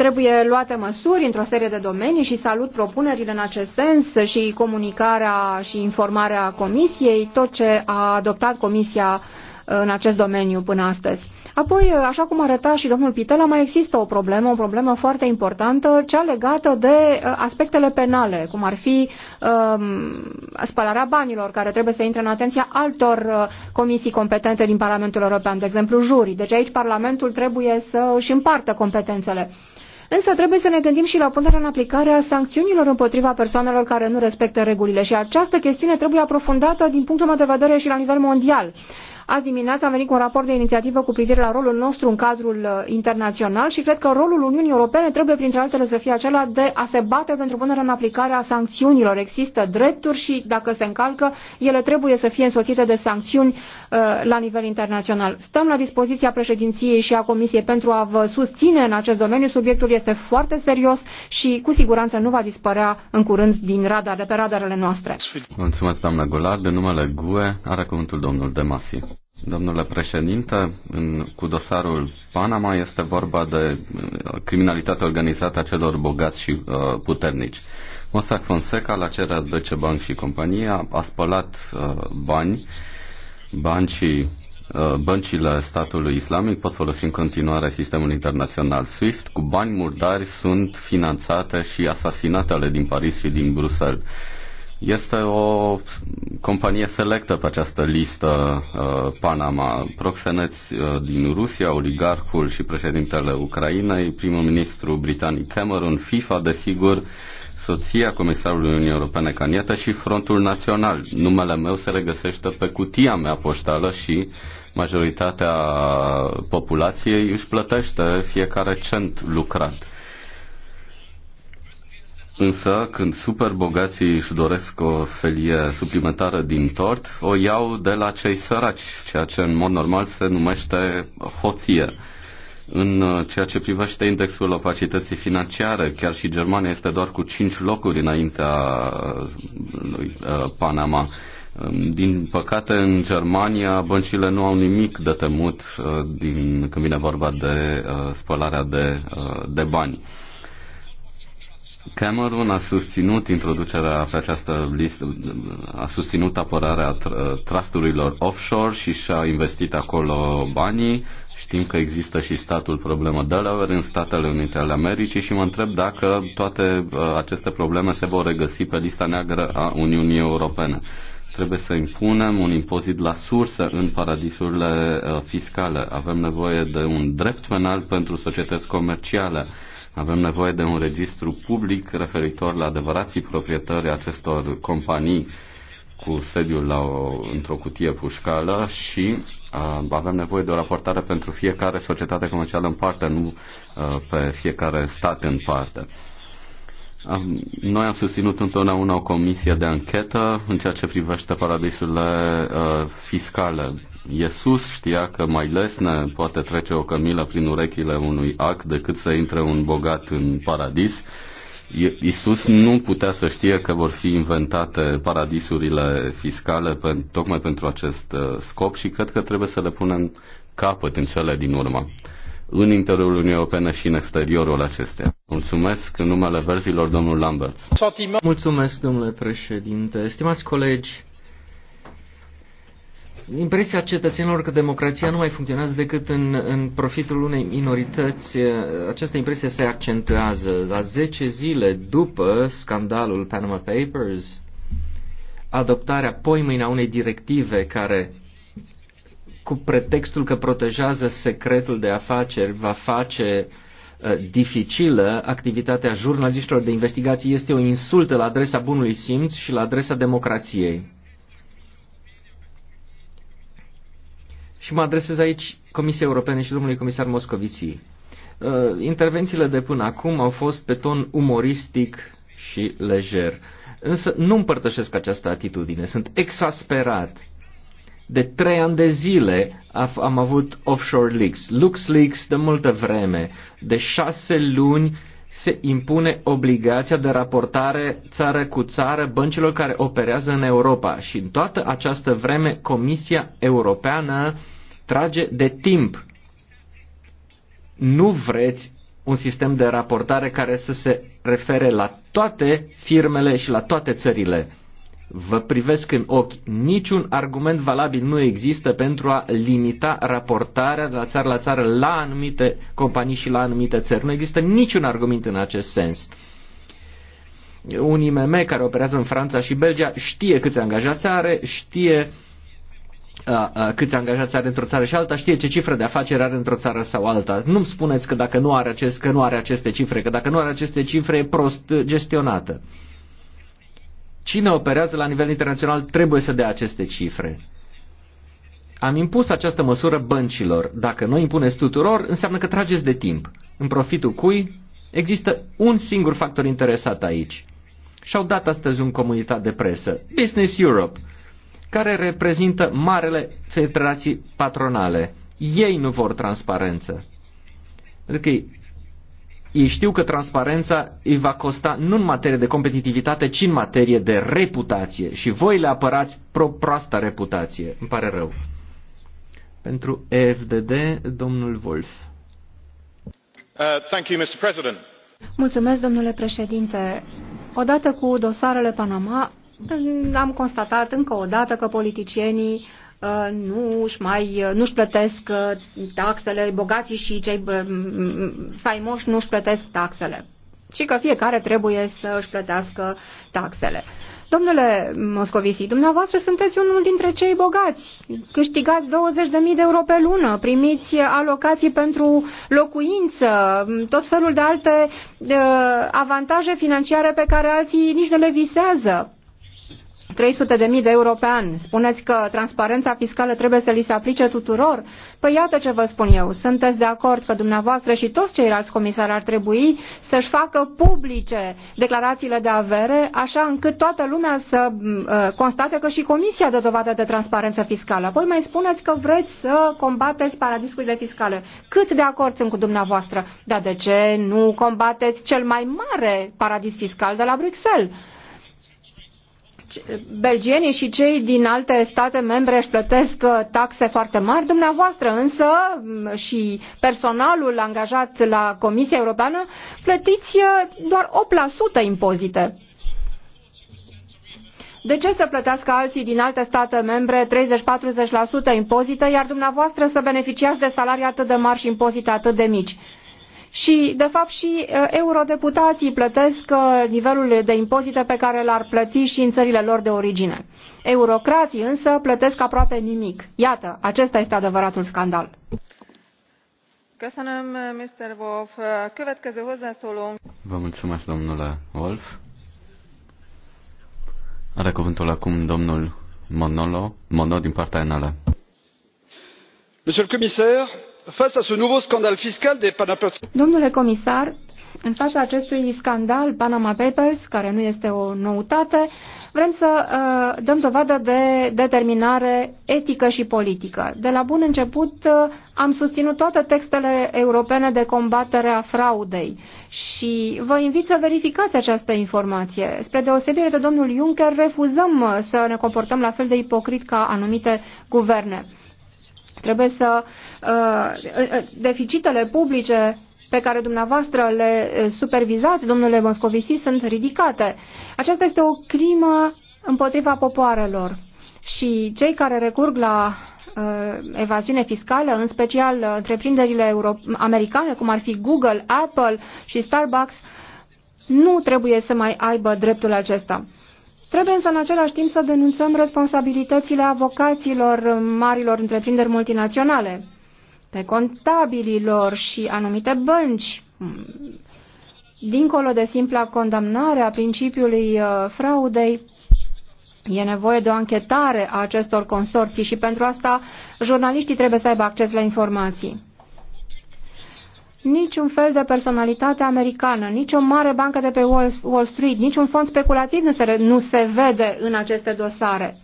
Trebuie luate măsuri într-o serie de domenii și salut propunerile în acest sens și comunicarea și informarea Comisiei, tot ce a adoptat Comisia uh, în acest domeniu până astăzi. Apoi, uh, așa cum arăta și domnul Pitela, mai există o problemă, o problemă foarte importantă, cea legată de uh, aspectele penale, cum ar fi um, spălarea banilor, care trebuie să intre în atenția altor comisii competente din Parlamentul European, de exemplu jurii. Deci aici Parlamentul trebuie să își împartă competențele. Însă trebuie să ne gândim și la punerea în aplicare a sancțiunilor împotriva persoanelor care nu respectă regulile și această chestiune trebuie aprofundată din punctul meu de vedere și la nivel mondial. Azi dimineața am venit cu un raport de inițiativă cu privire la rolul nostru în cadrul uh, internațional și cred că rolul Uniunii Europene trebuie, printre altele, să fie acela de a se bate pentru punerea în aplicare a sancțiunilor. Există drepturi și, dacă se încalcă, ele trebuie să fie însoțite de sancțiuni uh, la nivel internațional. Stăm la dispoziția președinției și a Comisiei pentru a vă susține în acest domeniu. Subiectul este foarte serios și, cu siguranță, nu va dispărea în curând din radar, de pe radarele noastre. Mulțumesc, doamna Golar. De numele GUE are cuvântul domnul Demasi. Domnule președinte, în, cu dosarul Panama este vorba de uh, criminalitatea organizată a celor bogați și uh, puternici. Mossack Fonseca, la cererea Deutsche Bank și compania, a spălat uh, bani, bani și uh, băncile statului islamic pot folosi în continuare sistemul internațional SWIFT. Cu bani murdari sunt finanțate și asasinatele din Paris și din Bruxelles. Este o companie selectă pe această listă uh, Panama. Proxeneți uh, din Rusia, oligarhul și președintele Ucrainei, primul ministru britanic Cameron, FIFA, desigur, soția comisarului Uniunii Europene Canieta și Frontul Național. Numele meu se regăsește pe cutia mea poștală și majoritatea populației își plătește fiecare cent lucrat. Însă, când super bogații își doresc o felie suplimentară din tort, o iau de la cei săraci, ceea ce în mod normal se numește hoție. În uh, ceea ce privește indexul opacității financiare, chiar și Germania este doar cu 5 locuri înaintea uh, lui uh, Panama. Um, din păcate, în Germania, băncile nu au nimic de temut din, când vine vorba de spălarea de, de bani. Cameron a susținut introducerea pe această listă, a susținut apărarea trusturilor offshore și și-a investit acolo banii. Știm că există și statul problemă Delaware în Statele Unite ale Americii și mă întreb dacă toate uh, aceste probleme se vor regăsi pe lista neagră a Uniunii Europene. Trebuie să impunem un impozit la sursă în paradisurile uh, fiscale. Avem nevoie de un drept penal pentru societăți comerciale avem nevoie de un registru public referitor la adevărații proprietări acestor companii cu sediul la o, într-o cutie pușcală și uh, avem nevoie de o raportare pentru fiecare societate comercială în parte, nu uh, pe fiecare stat în parte. Noi am susținut întotdeauna o comisie de anchetă în ceea ce privește paradisurile uh, fiscale. Iisus știa că mai lesne poate trece o cămilă prin urechile unui ac decât să intre un bogat în paradis. Iisus nu putea să știe că vor fi inventate paradisurile fiscale pe, tocmai pentru acest uh, scop și cred că trebuie să le punem capăt în cele din urmă în interiorul Uniunii Europene și în exteriorul acesteia. Mulțumesc în numele verzilor domnul Lambert. Mulțumesc, domnule președinte. Stimați colegi, impresia cetățenilor că democrația nu mai funcționează decât în, în profitul unei minorități, uh, această impresie se accentuează. La 10 zile după scandalul Panama Papers, adoptarea poimâine a unei directive care cu pretextul că protejează secretul de afaceri, va face uh, dificilă activitatea jurnaliștilor de investigații este o insultă la adresa bunului simț și la adresa democrației. Și mă adresez aici Comisiei Europene și domnului comisar Moscovici. Uh, intervențiile de până acum au fost pe ton umoristic și lejer. Însă nu împărtășesc această atitudine. Sunt exasperat. De trei ani de zile am avut offshore leaks, lux leaks de multă vreme. De șase luni se impune obligația de raportare țară cu țară băncilor care operează în Europa. Și în toată această vreme Comisia Europeană trage de timp. Nu vreți un sistem de raportare care să se refere la toate firmele și la toate țările. Vă privesc în ochi. Niciun argument valabil nu există pentru a limita raportarea de la țară la țară la anumite companii și la anumite țări. Nu există niciun argument în acest sens. Un IMM care operează în Franța și Belgia știe câți angajați are, știe uh, câți angajați are într-o țară și alta, știe ce cifră de afaceri are într-o țară sau alta. Nu-mi spuneți că dacă nu are, acest, că nu are aceste cifre, că dacă nu are aceste cifre e prost gestionată. Cine operează la nivel internațional trebuie să dea aceste cifre. Am impus această măsură băncilor. Dacă noi impuneți tuturor, înseamnă că trageți de timp. În profitul cui există un singur factor interesat aici. Și-au dat astăzi un comunitate de presă. Business Europe care reprezintă marele federații patronale. Ei nu vor transparență. Pentru că adică ei știu că transparența îi va costa nu în materie de competitivitate, ci în materie de reputație. Și voi le apărați pro proasta reputație. Îmi pare rău. Pentru EFDD, domnul Wolf. Uh, thank you, Mr. President. Mulțumesc, domnule președinte. Odată cu dosarele Panama, am constatat încă o dată că politicienii uh, nu își mai uh, nu își plătesc uh, taxele, bogații și cei faimoși nu își plătesc taxele, și că fiecare trebuie să își plătească taxele. Domnule Moscovici, dumneavoastră sunteți unul dintre cei bogați. Câștigați 20.000 de euro pe lună, primiți alocații pentru locuință, tot felul de alte de, avantaje financiare pe care alții nici nu le visează. 300 de mii de euro pe an. Spuneți că transparența fiscală trebuie să li se aplice tuturor? Păi iată ce vă spun eu. Sunteți de acord că dumneavoastră și toți ceilalți comisari ar trebui să-și facă publice declarațiile de avere, așa încât toată lumea să ă, constate că și Comisia dă dovadă de transparență fiscală. Apoi mai spuneți că vreți să combateți paradisurile fiscale. Cât de acord sunt cu dumneavoastră? Dar de ce nu combateți cel mai mare paradis fiscal de la Bruxelles? Deci, belgienii și cei din alte state membre își plătesc uh, taxe foarte mari, dumneavoastră însă mm, și personalul angajat la Comisia Europeană plătiți uh, doar 8% impozite. De ce să plătească alții din alte state membre 30-40% impozite, iar dumneavoastră să beneficiați de salarii atât de mari și impozite atât de mici? și, de fapt, și eurodeputații plătesc nivelul de impozite pe care l-ar plăti și în țările lor de origine. Eurocrații însă plătesc aproape nimic. Iată, acesta este adevăratul scandal. Vă mulțumesc, domnule Wolf. Are cuvântul acum domnul Monolo, Mono din partea NL. Monsieur le commissaire, Domnule comisar, în fața acestui scandal Panama Papers, care nu este o noutate, vrem să uh, dăm dovadă de determinare etică și politică. De la bun început uh, am susținut toate textele europene de combatere a fraudei și vă invit să verificați această informație. Spre deosebire de domnul Juncker, refuzăm uh, să ne comportăm la fel de ipocrit ca anumite guverne. Trebuie să... Uh, uh, deficitele publice pe care dumneavoastră le uh, supervizați, domnule Moscovici, sunt ridicate. Aceasta este o crimă împotriva popoarelor. Și cei care recurg la uh, evaziune fiscală, în special întreprinderile euro- americane, cum ar fi Google, Apple și Starbucks, nu trebuie să mai aibă dreptul acesta. Trebuie însă în același timp să denunțăm responsabilitățile avocaților marilor întreprinderi multinaționale, pe contabililor și anumite bănci, dincolo de simpla condamnare a principiului uh, fraudei, E nevoie de o anchetare a acestor consorții și pentru asta jurnaliștii trebuie să aibă acces la informații niciun fel de personalitate americană, nici o mare bancă de pe Wall Street, niciun fond speculativ nu se, nu se vede în aceste dosare.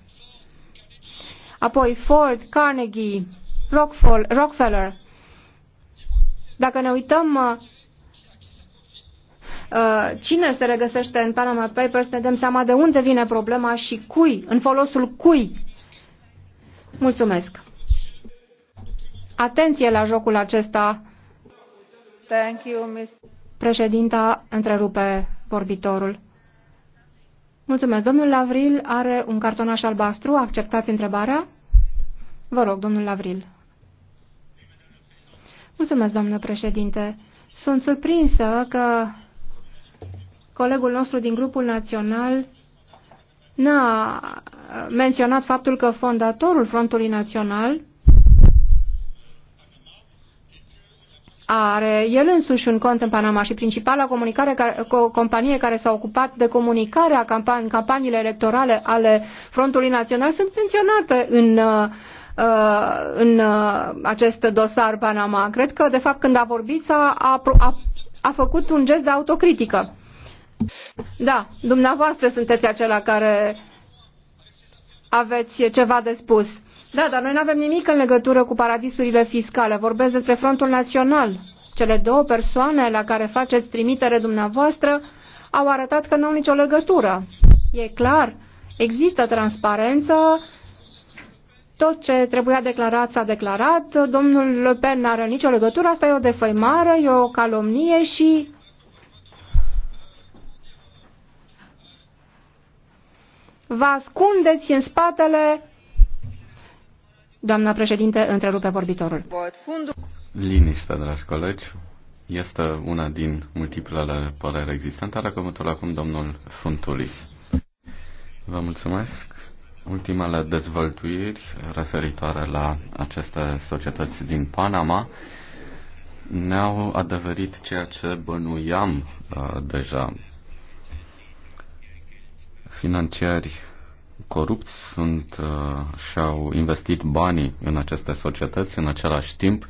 Apoi Ford, Carnegie, Rockefeller. Dacă ne uităm uh, uh, cine se regăsește în Panama Papers, ne dăm seama de unde vine problema și cui, în folosul cui. Mulțumesc! Atenție la jocul acesta Președinta întrerupe vorbitorul. Mulțumesc. Domnul Lavril are un cartonaș albastru. Acceptați întrebarea? Vă rog, domnul Lavril. Mulțumesc, domnule președinte. Sunt surprinsă că colegul nostru din grupul național n-a menționat faptul că fondatorul Frontului Național are el însuși un cont în Panama și principala comunicare care, companie care s-a ocupat de comunicarea campan campaniile electorale ale Frontului Național sunt menționate în uh, în uh, acest dosar Panama. Cred că, de fapt, când a vorbit, a, a, a făcut un gest de autocritică. Da, dumneavoastră sunteți acela care aveți ceva de spus. Da, dar noi nu avem nimic în legătură cu paradisurile fiscale. Vorbesc despre Frontul Național. Cele două persoane la care faceți trimitere dumneavoastră au arătat că nu au nicio legătură. E clar, există transparență, tot ce trebuia declarat s-a declarat, domnul Le Pen n-are nicio legătură, asta e o defăimare, e o calomnie și vă ascundeți în spatele Doamna președinte, întrerupe vorbitorul. Liniște, dragi colegi. Este una din multiplele păreri existente. Are cuvântul acum domnul Funtulis. Vă mulțumesc. Ultimele dezvăltuiri referitoare la aceste societăți din Panama ne-au adeverit ceea ce bănuiam uh, deja. Financiari corupți sunt uh, și-au investit banii în aceste societăți, în același timp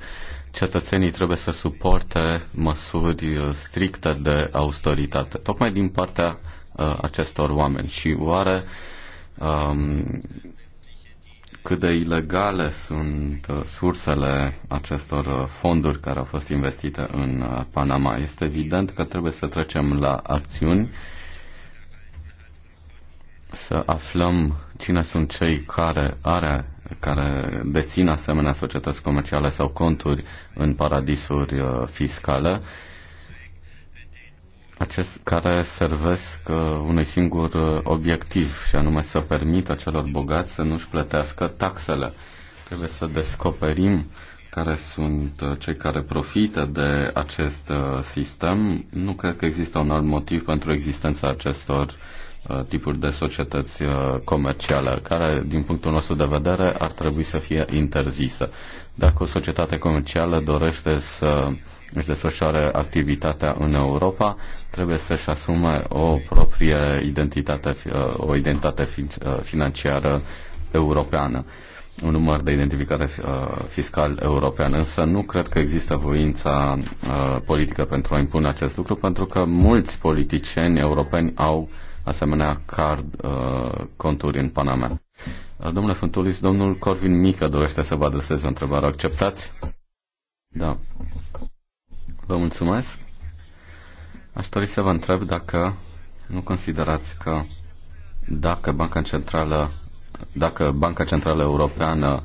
cetățenii trebuie să suporte măsuri uh, stricte de austeritate, tocmai din partea uh, acestor oameni. Și oare um, cât de ilegale sunt uh, sursele acestor uh, fonduri care au fost investite în Panama? Este evident că trebuie să trecem la acțiuni uh, să aflăm cine sunt cei care are care dețin asemenea societăți comerciale sau conturi în paradisuri uh, fiscale, acest care servesc uh, unui singur uh, obiectiv, și anume să permită celor bogați să nu-și plătească taxele. Trebuie să descoperim care sunt cei care profită de acest sistem. Nu cred că există un alt motiv pentru existența acestor uh, Uh, tipuri de societăți uh, comerciale, care, din punctul nostru de vedere, ar trebui să fie interzisă. Dacă o societate comercială dorește să își desfășoare activitatea în Europa, trebuie să-și asume o proprie identitate, uh, o identitate financiară europeană un număr de identificare fiscal european, însă nu cred că există voința politică pentru a impune acest lucru, pentru că mulți politicieni europeni au asemenea card, uh, conturi în Panama. Uh, domnule Funtulis, domnul Corvin Mică dorește să vă adreseze o întrebare. Acceptați? Da. Vă mulțumesc. Aș dori să vă întreb dacă nu considerați că dacă Banca Centrală, dacă Banca Centrală Europeană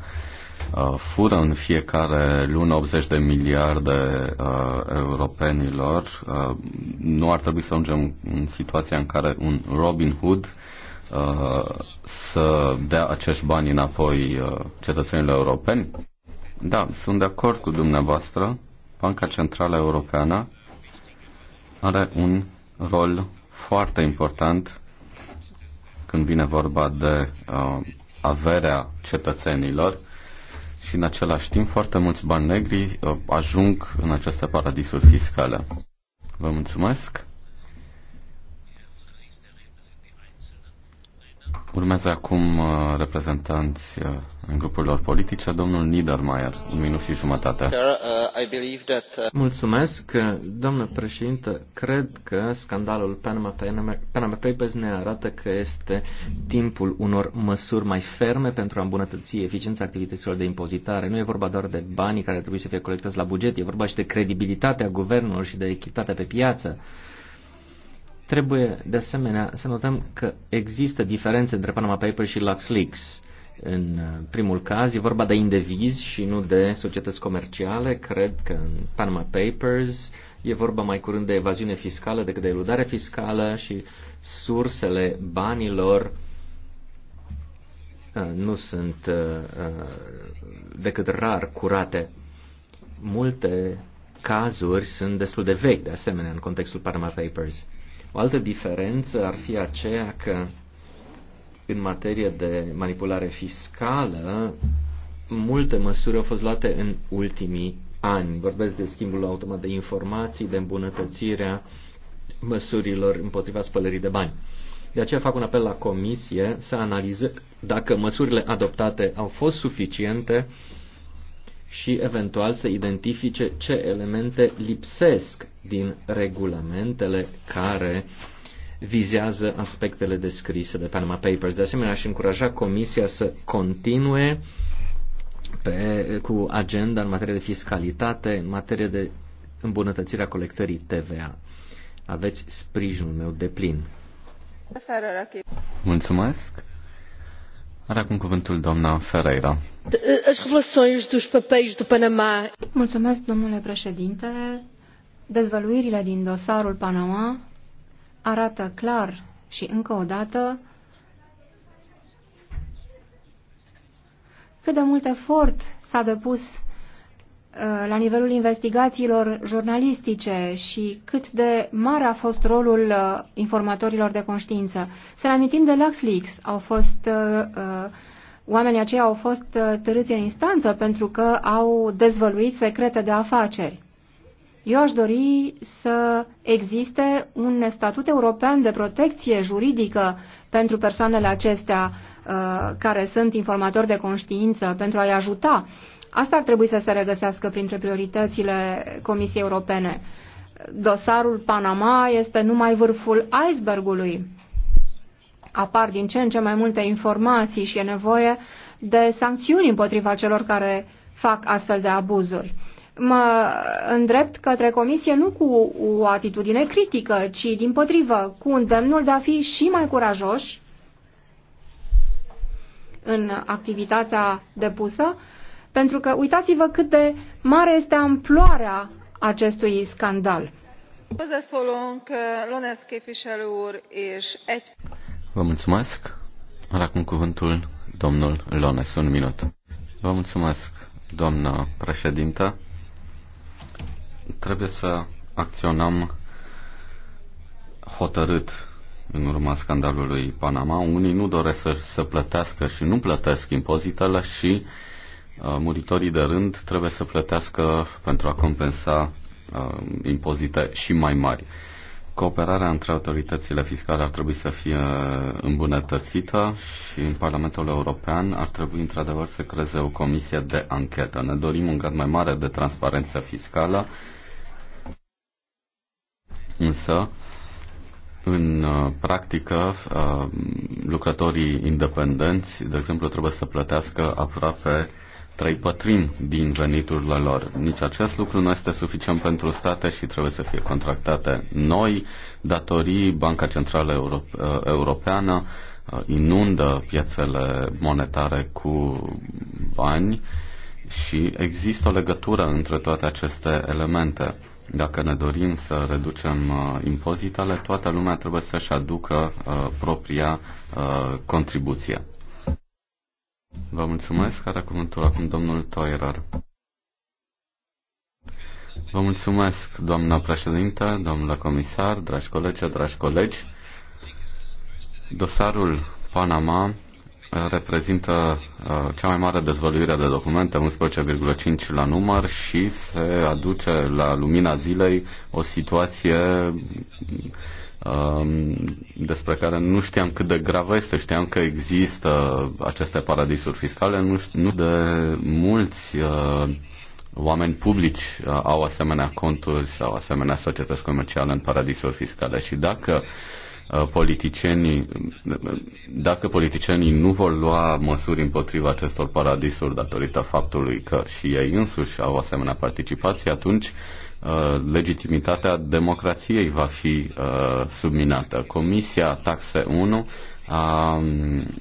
Uh, fură în fiecare lună 80 de miliarde uh, europenilor, uh, nu ar trebui să ajungem în situația în care un Robin Hood uh, să dea acești bani înapoi uh, cetățenilor europeni? Da, sunt de acord cu dumneavoastră. Banca Centrală Europeană are un rol foarte important când vine vorba de uh, averea cetățenilor și în același timp foarte mulți bani negri uh, ajung în aceste paradisuri fiscale. Vă mulțumesc! Urmează acum uh, reprezentanți uh, în grupurilor politice, domnul Niedermayer, un minut și jumătate. Uh, Mulțumesc, domnule președinte. Cred că scandalul Panama, Panama Papers ne arată că este timpul unor măsuri mai ferme pentru a îmbunătăți eficiența activităților de impozitare. Nu e vorba doar de banii care trebuie să fie colectați la buget, e vorba și de credibilitatea guvernului și de echitatea pe piață. Trebuie de asemenea să notăm că există diferențe între Panama Papers și LuxLeaks. În uh, primul caz e vorba de indivizi și nu de societăți comerciale. Cred că în Panama Papers e vorba mai curând de evaziune fiscală decât de eludare fiscală și sursele banilor uh, nu sunt uh, decât rar curate. Multe cazuri sunt destul de vechi, de asemenea, în contextul Panama Papers. O altă diferență ar fi aceea că în materie de manipulare fiscală, multe măsuri au fost luate în ultimii ani. Vorbesc de schimbul automat de informații, de îmbunătățirea măsurilor împotriva spălării de bani. De aceea fac un apel la comisie să analize dacă măsurile adoptate au fost suficiente și eventual să identifice ce elemente lipsesc din regulamentele care vizează aspectele descrise de Panama Papers. De asemenea, aș încuraja Comisia să continue pe, cu agenda în materie de fiscalitate, în materie de îmbunătățirea colectării TVA. Aveți sprijinul meu de plin. Mulțumesc. Are acum cuvântul doamna Ferreira. Eh, as revelações dos papéis do Panamá. Mulțumesc, domnule președinte. Dezvăluirile din dosarul Panama arată clar și încă o dată cât de mult efort s-a depus Uh, la nivelul investigațiilor jurnalistice și cât de mare a fost rolul uh, informatorilor de conștiință. Să ne amintim de LuxLeaks. Au fost, uh, oamenii aceia au fost târâți în instanță pentru că au dezvăluit secrete de afaceri. Eu aș dori să existe un statut european de protecție juridică pentru persoanele acestea care sunt informatori de conștiință, pentru a-i ajuta uh, Asta ar trebui să se regăsească printre prioritățile Comisiei Europene. Dosarul Panama este numai vârful icebergului. Apar din ce în ce mai multe informații și e nevoie de sancțiuni împotriva celor care fac astfel de abuzuri. Mă îndrept către comisie nu cu o atitudine critică, ci din potrivă, cu îndemnul de a fi și mai curajoși în activitatea depusă pentru că uitați-vă cât de mare este amploarea acestui scandal. Eh, Vă mulțumesc. acum cuvântul domnul Lones. Un minut. Vă mulțumesc, doamnă președintă. Trebuie să acționăm hotărât în urma scandalului Panama. Unii nu doresc să, să plătească și nu plătesc impozitele și uh, Uh, muritorii de rând trebuie să plătească pentru a compensa uh, impozite și mai mari. Cooperarea între autoritățile fiscale ar trebui să fie îmbunătățită și în Parlamentul European ar trebui într-adevăr să creeze o comisie de anchetă. Ne dorim un grad mai mare de transparență fiscală, însă în uh, practică, lucrătorii independenți, de exemplu, trebuie să plătească aproape trei pătrimi din veniturile lor. Nici acest lucru nu este suficient pentru state și trebuie să fie contractate noi datorii. Banca Centrală uh, Europeană uh, inundă piețele monetare cu bani și există o legătură între toate aceste elemente. Dacă ne dorim să reducem uh, impozitele, toată lumea trebuie să-și aducă propria contribuție. Vă mulțumesc. Are cuvântul acum domnul Toierar. Vă mulțumesc, doamna președintă, domnule comisar, dragi colegi, dragi colegi. Dosarul Panama uh, reprezintă uh, cea mai mare dezvăluire de documente, 11,5 la număr, și se aduce la lumina zilei o situație Um, despre care nu știam cât de gravă este. Știam că există aceste paradisuri fiscale, nu, nu de mulți uh, oameni publici uh, au asemenea conturi sau asemenea societăți comerciale în paradisuri fiscale și dacă uh, politicienii, dacă politicienii nu vor lua măsuri împotriva acestor paradisuri datorită faptului că și ei însuși au asemenea participații, atunci uh, Uh, legitimitatea democrației va fi uh, subminată. Comisia Taxe 1 a um,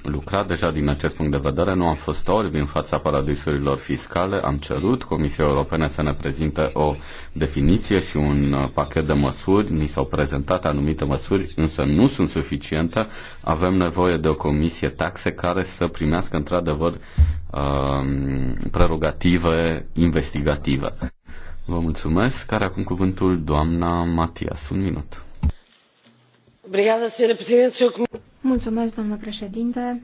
lucrat deja din acest punct de vedere, nu am fost orbi în fața paradisurilor fiscale, am cerut Comisiei Europene să ne prezinte o definiție și un uh, pachet de măsuri, ni s-au prezentat anumite măsuri, însă nu sunt suficiente, avem nevoie de o comisie taxe care să primească într-adevăr um, prerogative investigative. Vă mulțumesc. Care acum cuvântul doamna Matias. Un minut. Mulțumesc, domnule președinte.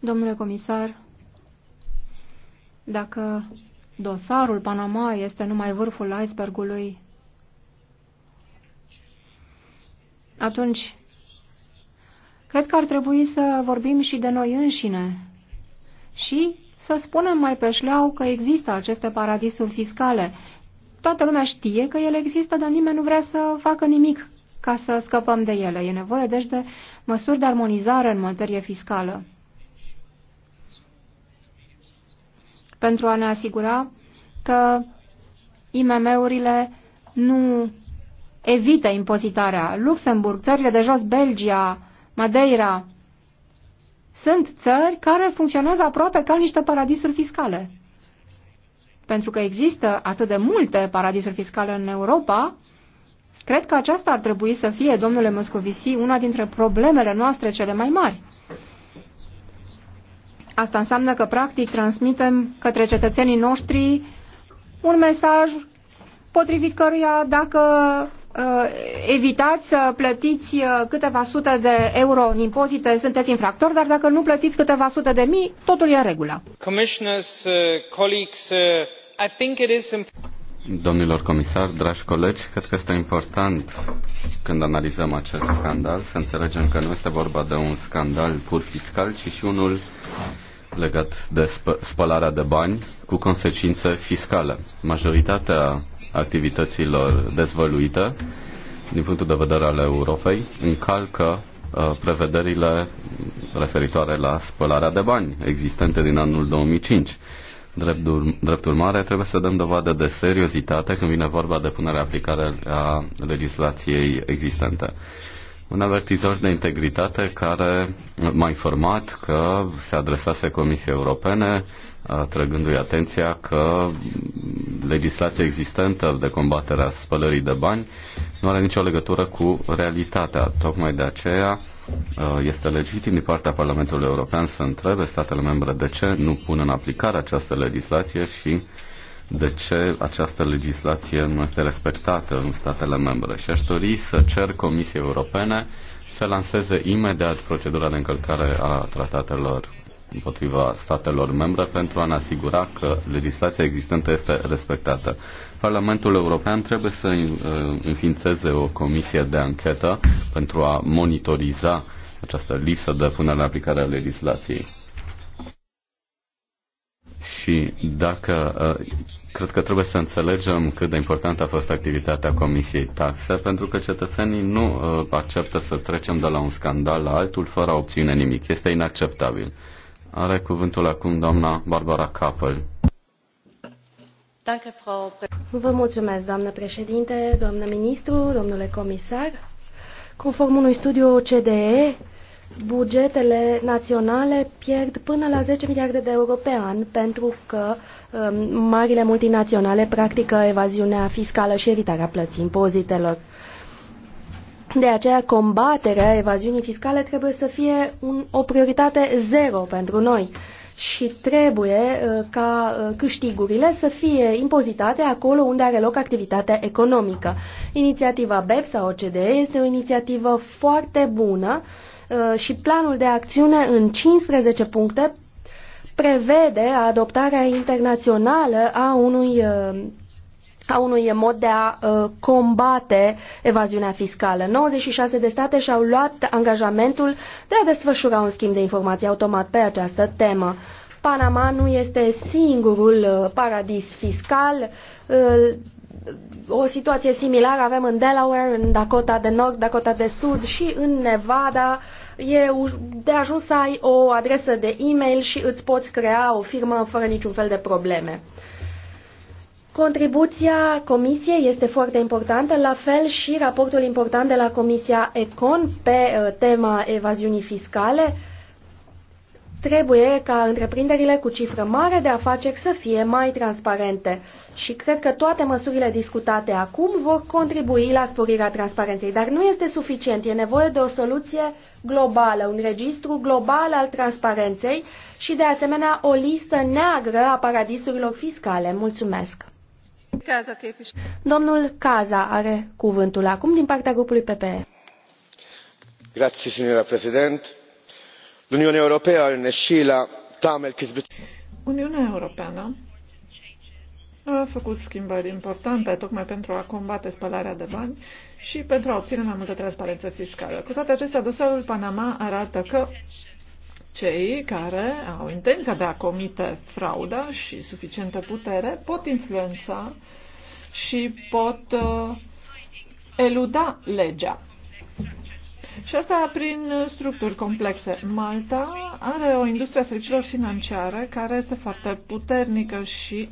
Domnule comisar, dacă dosarul Panama este numai vârful icebergului, atunci cred că ar trebui să vorbim și de noi înșine și să spunem mai pe șleau că există aceste paradisuri fiscale. Toată lumea știe că ele există, dar nimeni nu vrea să facă nimic ca să scăpăm de ele. E nevoie, deci, de măsuri de armonizare în materie fiscală. Pentru a ne asigura că IMM-urile nu evită impozitarea. Luxemburg, țările de jos, Belgia, Madeira, sunt țări care funcționează aproape ca niște paradisuri fiscale. Pentru că există atât de multe paradisuri fiscale în Europa, cred că aceasta ar trebui să fie, domnule Moscovici, una dintre problemele noastre cele mai mari. Asta înseamnă că, practic, transmitem către cetățenii noștri un mesaj potrivit căruia dacă Uh, evitați să plătiți uh, câteva sute de euro în impozite, sunteți infractori, dar dacă nu plătiți câteva sute de mii, totul e în regulă. Uh, Domnilor comisari, dragi colegi, cred că este important când analizăm acest scandal să înțelegem că nu este vorba de un scandal pur fiscal, ci și unul legat de spălarea de bani cu consecințe fiscale. Majoritatea activităților dezvăluite din punctul de vedere al Europei încalcă uh, prevederile referitoare la spălarea de bani existente din anul 2005. Drept, ur- drept urmare, trebuie să dăm dovadă de seriozitate când vine vorba de punerea aplicare a legislației existente. Un avertizor de integritate care m-a informat că se adresase Comisiei Europene trăgându-i atenția că legislația existentă de combaterea spălării de bani nu are nicio legătură cu realitatea. Tocmai de aceea uh, este legitim din partea Parlamentului European să întrebe statele membre de ce nu pun în aplicare această legislație și de ce această legislație nu este respectată în statele membre. Și aș dori să cer Comisiei Europene să lanseze imediat procedura de încălcare a tratatelor împotriva statelor membre pentru a ne asigura că legislația existentă este respectată. Parlamentul European trebuie să uh, înființeze o comisie de anchetă pentru a monitoriza această lipsă de punere în aplicare a legislației. Și dacă uh, cred că trebuie să înțelegem cât de importantă a fost activitatea Comisiei Taxe, pentru că cetățenii nu uh, acceptă să trecem de la un scandal la altul fără a obține nimic. Este inacceptabil. Are cuvântul acum doamna Barbara Capel. Vă mulțumesc, doamnă președinte, doamnă ministru, domnule comisar. Conform unui studiu OCDE, bugetele naționale pierd până la 10 miliarde de euro pe an pentru că um, marile multinaționale practică evaziunea fiscală și evitarea plății impozitelor. De aceea, combaterea evaziunii fiscale trebuie să fie un, o prioritate zero pentru noi și trebuie uh, ca uh, câștigurile să fie impozitate acolo unde are loc activitatea economică. Inițiativa BEPS sau OCDE este o inițiativă foarte bună uh, și planul de acțiune în 15 puncte prevede adoptarea internațională a unui uh, a unui mod de a uh, combate evaziunea fiscală. 96 de state și-au luat angajamentul de a desfășura un schimb de informații automat pe această temă. Panama nu este singurul uh, paradis fiscal. Uh, o situație similară avem în Delaware, în Dakota de Nord, Dakota de Sud și în Nevada. E de ajuns să ai o adresă de e-mail și îți poți crea o firmă fără niciun fel de probleme. Contribuția Comisiei este foarte importantă, la fel și raportul important de la Comisia Econ pe uh, tema evaziunii fiscale. Trebuie ca întreprinderile cu cifră mare de afaceri să fie mai transparente și cred că toate măsurile discutate acum vor contribui la sporirea transparenței. Dar nu este suficient, e nevoie de o soluție globală, un registru global al transparenței și de asemenea o listă neagră a paradisurilor fiscale. Mulțumesc! Domnul Caza are cuvântul acum din partea grupului PPE. Grazie, signora Presidente. L'Unione Europea rinescila tamel Uniunea Europeană a făcut schimbări importante tocmai pentru a combate spălarea de bani și pentru a obține mai multă transparență fiscală. Cu toate acestea, dosarul Panama arată că cei care au intenția de a comite frauda și suficientă putere pot influența și pot uh, eluda legea. Și asta prin structuri complexe. Malta are o industrie a serviciilor financiare care este foarte puternică și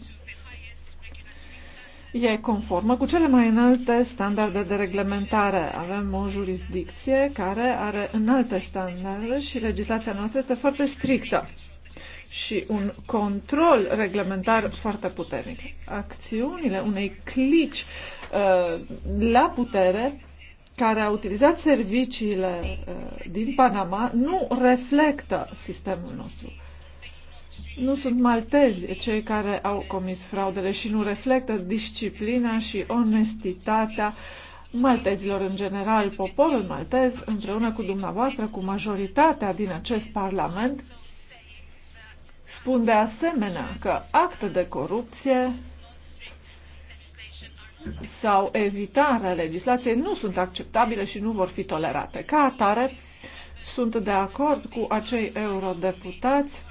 e conformă cu cele mai înalte standarde de reglementare. Avem o jurisdicție care are înalte standarde și legislația noastră este foarte strictă și un control reglementar foarte puternic. Acțiunile unei clici uh, la putere care a utilizat serviciile uh, din Panama nu reflectă sistemul nostru. Nu sunt maltezi cei care au comis fraudele și nu reflectă disciplina și onestitatea maltezilor în general. Poporul maltez, împreună cu dumneavoastră, cu majoritatea din acest parlament, spun de asemenea că acte de corupție sau evitarea legislației nu sunt acceptabile și nu vor fi tolerate. Ca atare, sunt de acord cu acei eurodeputați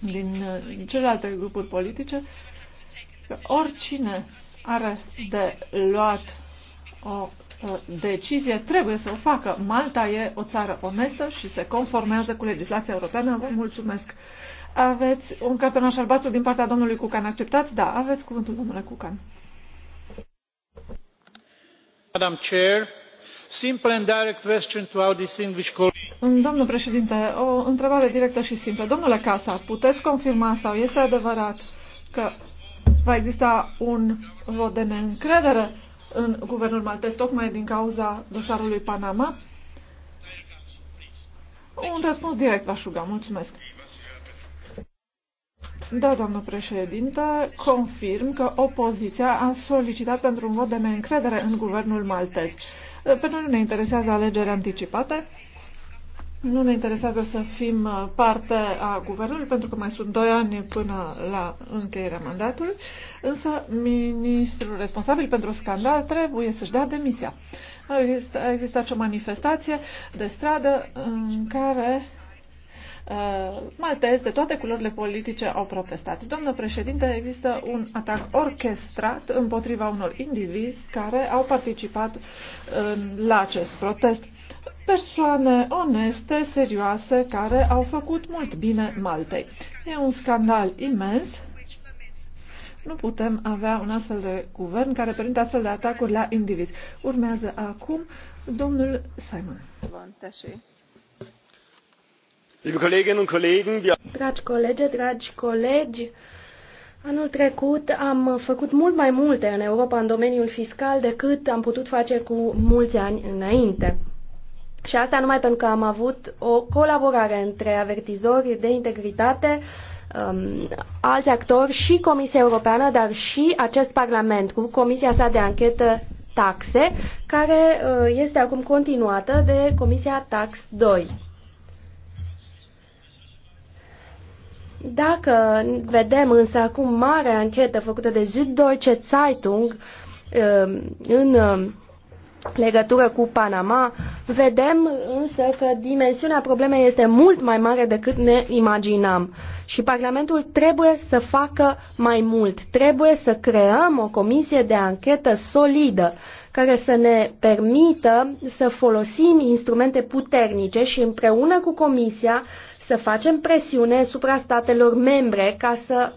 din celelalte grupuri politice că oricine are de luat o decizie, trebuie să o facă. Malta e o țară onestă și se conformează cu legislația europeană. Vă mulțumesc. Aveți un cartonaș albastru din partea domnului Cucan. Acceptați? Da, aveți cuvântul, domnule Cucan. Madam Chair, Mm, domnule președinte, o întrebare directă și simplă. Domnule Casa, puteți confirma sau este adevărat că va exista un vot de neîncredere în guvernul maltez, tocmai din cauza dosarului Panama? Un răspuns direct v-aș ruga. Mulțumesc. Da, doamnă președinte. confirm că opoziția a solicitat pentru un vot de neîncredere în guvernul maltez. Eh, pe noi nu ne interesează alegeri anticipate, nu ne interesează să fim eh, parte a guvernului, pentru că mai sunt doi ani până la încheierea mandatului, însă ministrul responsabil pentru scandal trebuie să-și dea demisia. A existat, a existat și o manifestație de stradă în care Uh, maltezi de toate culorile politice au protestat. Domnul președinte, există un atac orchestrat împotriva unor indivizi care au participat uh, la acest protest. Persoane oneste, serioase, care au făcut mult bine Maltei. E un scandal imens nu putem avea un astfel de guvern care permite astfel de atacuri la indivizi. Urmează acum domnul Simon. Dragi colegi, dragi colegi, anul trecut am făcut mult mai multe în Europa în domeniul fiscal decât am putut face cu mulți ani înainte. Și asta numai pentru că am avut o colaborare între avertizori de integritate, um, alți actori și Comisia Europeană, dar și acest Parlament cu Comisia sa de anchetă taxe, care uh, este acum continuată de Comisia Tax 2. Dacă vedem însă acum marea anchetă făcută de Süddeutsche Zeitung um, în um, legătură cu Panama, vedem însă că dimensiunea problemei este mult mai mare decât ne imaginam. Și Parlamentul trebuie să facă mai mult. Trebuie să creăm o comisie de anchetă solidă care să ne permită să folosim instrumente puternice și împreună cu Comisia să facem presiune supra statelor membre ca să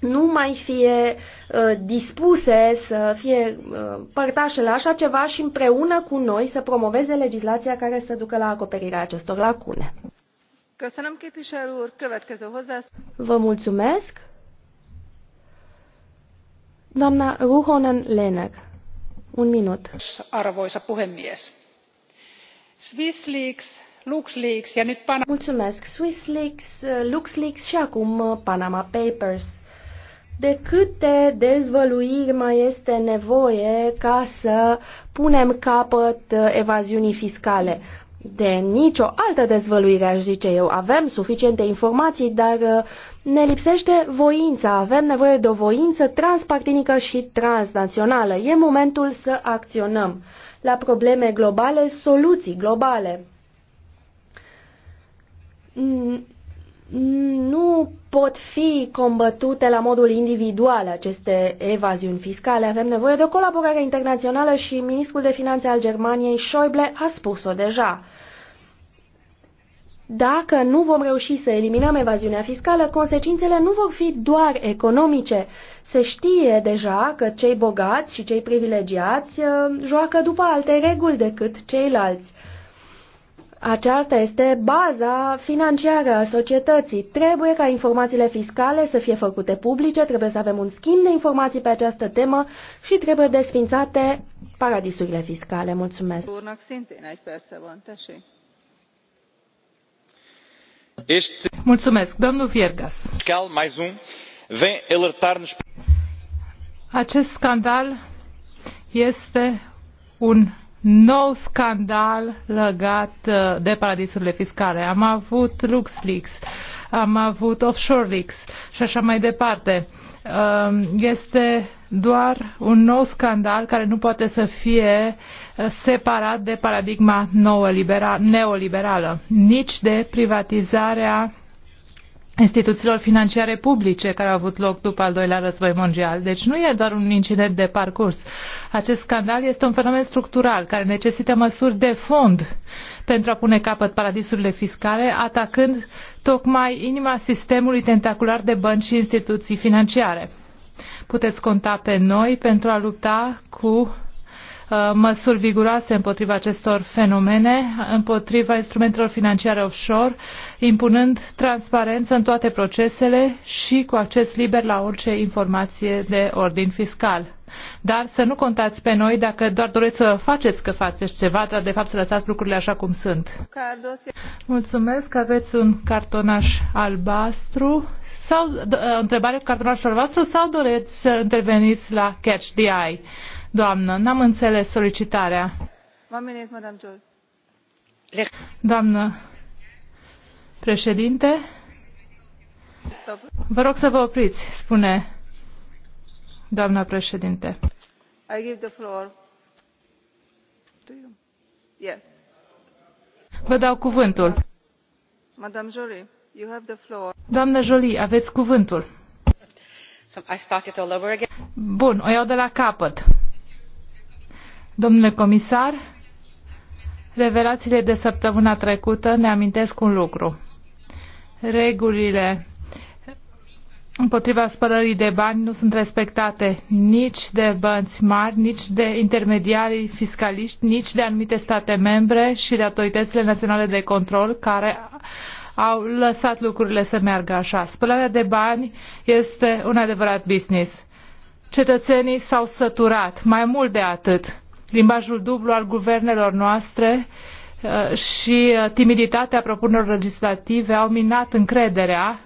nu mai fie uh, dispuse să fie uh, părtașe la așa ceva și împreună cu noi să promoveze legislația care să ducă la acoperirea acestor lacune. Vă mulțumesc. Doamna Ruhonen Lener, un minut. Arvoisa puhemies. Swiss Leaks LuxLeaks ja nüüd Panama... Mulțumesc! SwissLeaks, uh, LuxLeaks și acum uh, Panama Papers. De câte dezvăluiri mai este nevoie ca să punem capăt uh, evaziunii fiscale? De nicio altă dezvăluire, aș zice eu. Avem suficiente informații, dar ne lipsește voința. Avem nevoie de o voință transpartinică și transnațională. E momentul să acționăm. La probleme globale, soluții globale nu pot fi combătute la modul individual aceste evaziuni fiscale. Avem nevoie de o colaborare internațională și ministrul de finanțe al Germaniei, Schäuble, a spus-o deja. Dacă nu vom reuși să eliminăm evaziunea fiscală, consecințele nu vor fi doar economice. Se știe deja că cei bogați și cei privilegiați uh, joacă după alte reguli decât ceilalți. Aceasta este baza financiară a societății. Trebuie ca informațiile fiscale să fie făcute publice, trebuie să avem un schimb de informații pe această temă și trebuie desfințate paradisurile fiscale. Mulțumesc! Mulțumesc, domnul Viergas. Acest scandal este un nou scandal legat uh, de paradisurile fiscale. Am avut LuxLeaks, am avut Offshore Leaks și așa mai departe. Um, este doar un nou scandal care nu poate să fie uh, separat de paradigma nouă libera, neoliberală, nici de privatizarea instituțiilor financiare publice care au avut loc după al doilea război mondial. Deci nu e doar un incident de parcurs. Acest scandal este un fenomen structural care necesită măsuri de fond pentru a pune capăt paradisurile fiscale, atacând tocmai inima sistemului tentacular de bănci și instituții financiare. Puteți conta pe noi pentru a lupta cu Uh, măsuri viguroase împotriva acestor fenomene, împotriva instrumentelor financiare offshore, impunând transparență în toate procesele și cu acces liber la orice informație de ordin fiscal. Dar să nu contați pe noi dacă doar doreți să faceți că faceți ceva, dar de fapt să lăsați lucrurile așa cum sunt. Mulțumesc că aveți un cartonaș albastru sau uh, întrebare cu cartonașul albastru sau doreți să interveniți la Catch the Eye? Doamnă, n-am înțeles solicitarea. Doamnă președinte, vă rog să vă opriți, spune doamna președinte. Yes. Vă dau cuvântul. Jolie, you have the floor. Doamnă Jolie, aveți cuvântul. So I start it all over again. Bun, o iau de la capăt. Domnule comisar, revelațiile de săptămâna trecută ne amintesc un lucru. Regulile împotriva spălării de bani nu sunt respectate nici de bănți mari, nici de intermediarii fiscaliști, nici de anumite state membre și de autoritățile naționale de control care au lăsat lucrurile să meargă așa. Spălarea de bani este un adevărat business. Cetățenii s-au săturat, mai mult de atât limbajul dublu al guvernelor noastre uh, și uh, timiditatea propunerilor legislative au minat încrederea,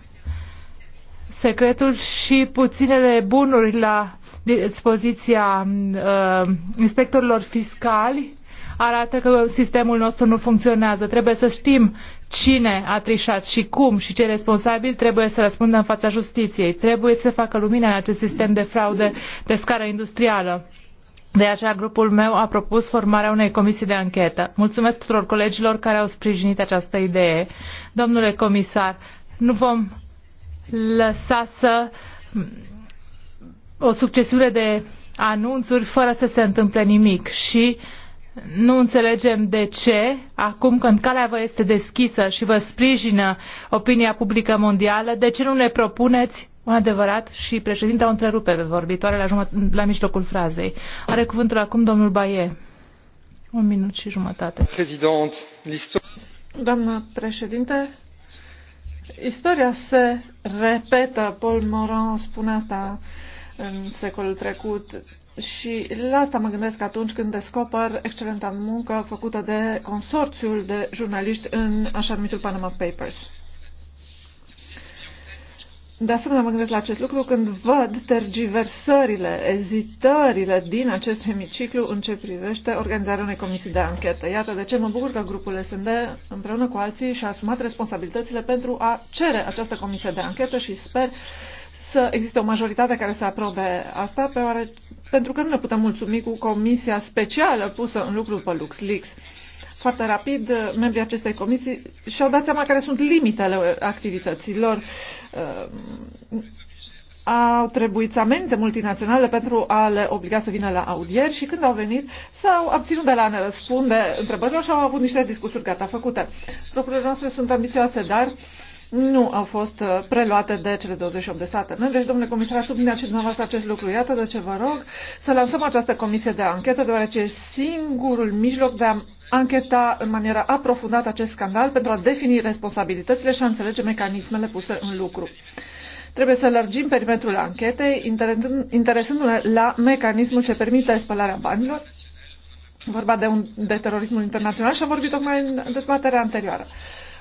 secretul și puținele bunuri la dispoziția uh, inspectorilor fiscali arată că sistemul nostru nu funcționează. Trebuie să știm cine a trișat și cum și ce responsabil trebuie să răspundă în fața justiției. Trebuie să facă lumina în acest sistem de fraude de scară industrială. De aceea, grupul meu a propus formarea unei comisii de anchetă. Mulțumesc tuturor colegilor care au sprijinit această idee. Domnule comisar, nu vom lăsa să mm, o succesiune de anunțuri fără să se întâmple nimic și uh, nu înțelegem de ce, acum când calea vă este deschisă și vă sprijină opinia publică mondială, de ce nu ne propuneți un adevărat și președinta o întrerupe pe vorbitoare la, la mijlocul frazei. Are cuvântul acum domnul Baie. Un minut și jumătate. Doamnă președinte, istoria se repetă. Paul Moran spune asta în secolul trecut. Și la asta mă gândesc atunci când descoper excelenta muncă făcută de consorțiul de jurnaliști în așa numitul Panama Papers. De asemenea, mă gândesc la acest lucru când văd tergiversările, ezitările din acest hemiciclu în ce privește organizarea unei comisii de anchetă. Iată de ce mă bucur că grupul SND, împreună cu alții, și-a asumat responsabilitățile pentru a cere această comisie de anchetă și sper să existe o majoritate care să aprobe asta, pe oare, pentru că nu ne putem mulțumi cu comisia specială pusă în lucru pe LuxLeaks. Foarte rapid, membrii acestei comisii și-au dat seama care sunt limitele activităților. Ehm, au trebuit să amenințe multinaționale pentru a le obliga să vină la audieri și când au venit s-au abținut de la a ne răspunde întrebărilor și au avut niște discursuri gata făcute. Propunerile noastre sunt ambițioase, dar uh, nu au fost uh, preluate de cele 28 de state membre și, domnule comisar, subliniați și dumneavoastră acest lucru. Iată de ce vă rog să lansăm această comisie de anchetă, deoarece e singurul mijloc de a ancheta în maniera aprofundată acest scandal pentru a defini responsabilitățile și a înțelege mecanismele puse în lucru. Trebuie să lărgim perimetrul anchetei, interesându-ne la mecanismul ce permite spălarea banilor, vorba de, un, de terorismul internațional și am vorbit tocmai în dezbaterea anterioară.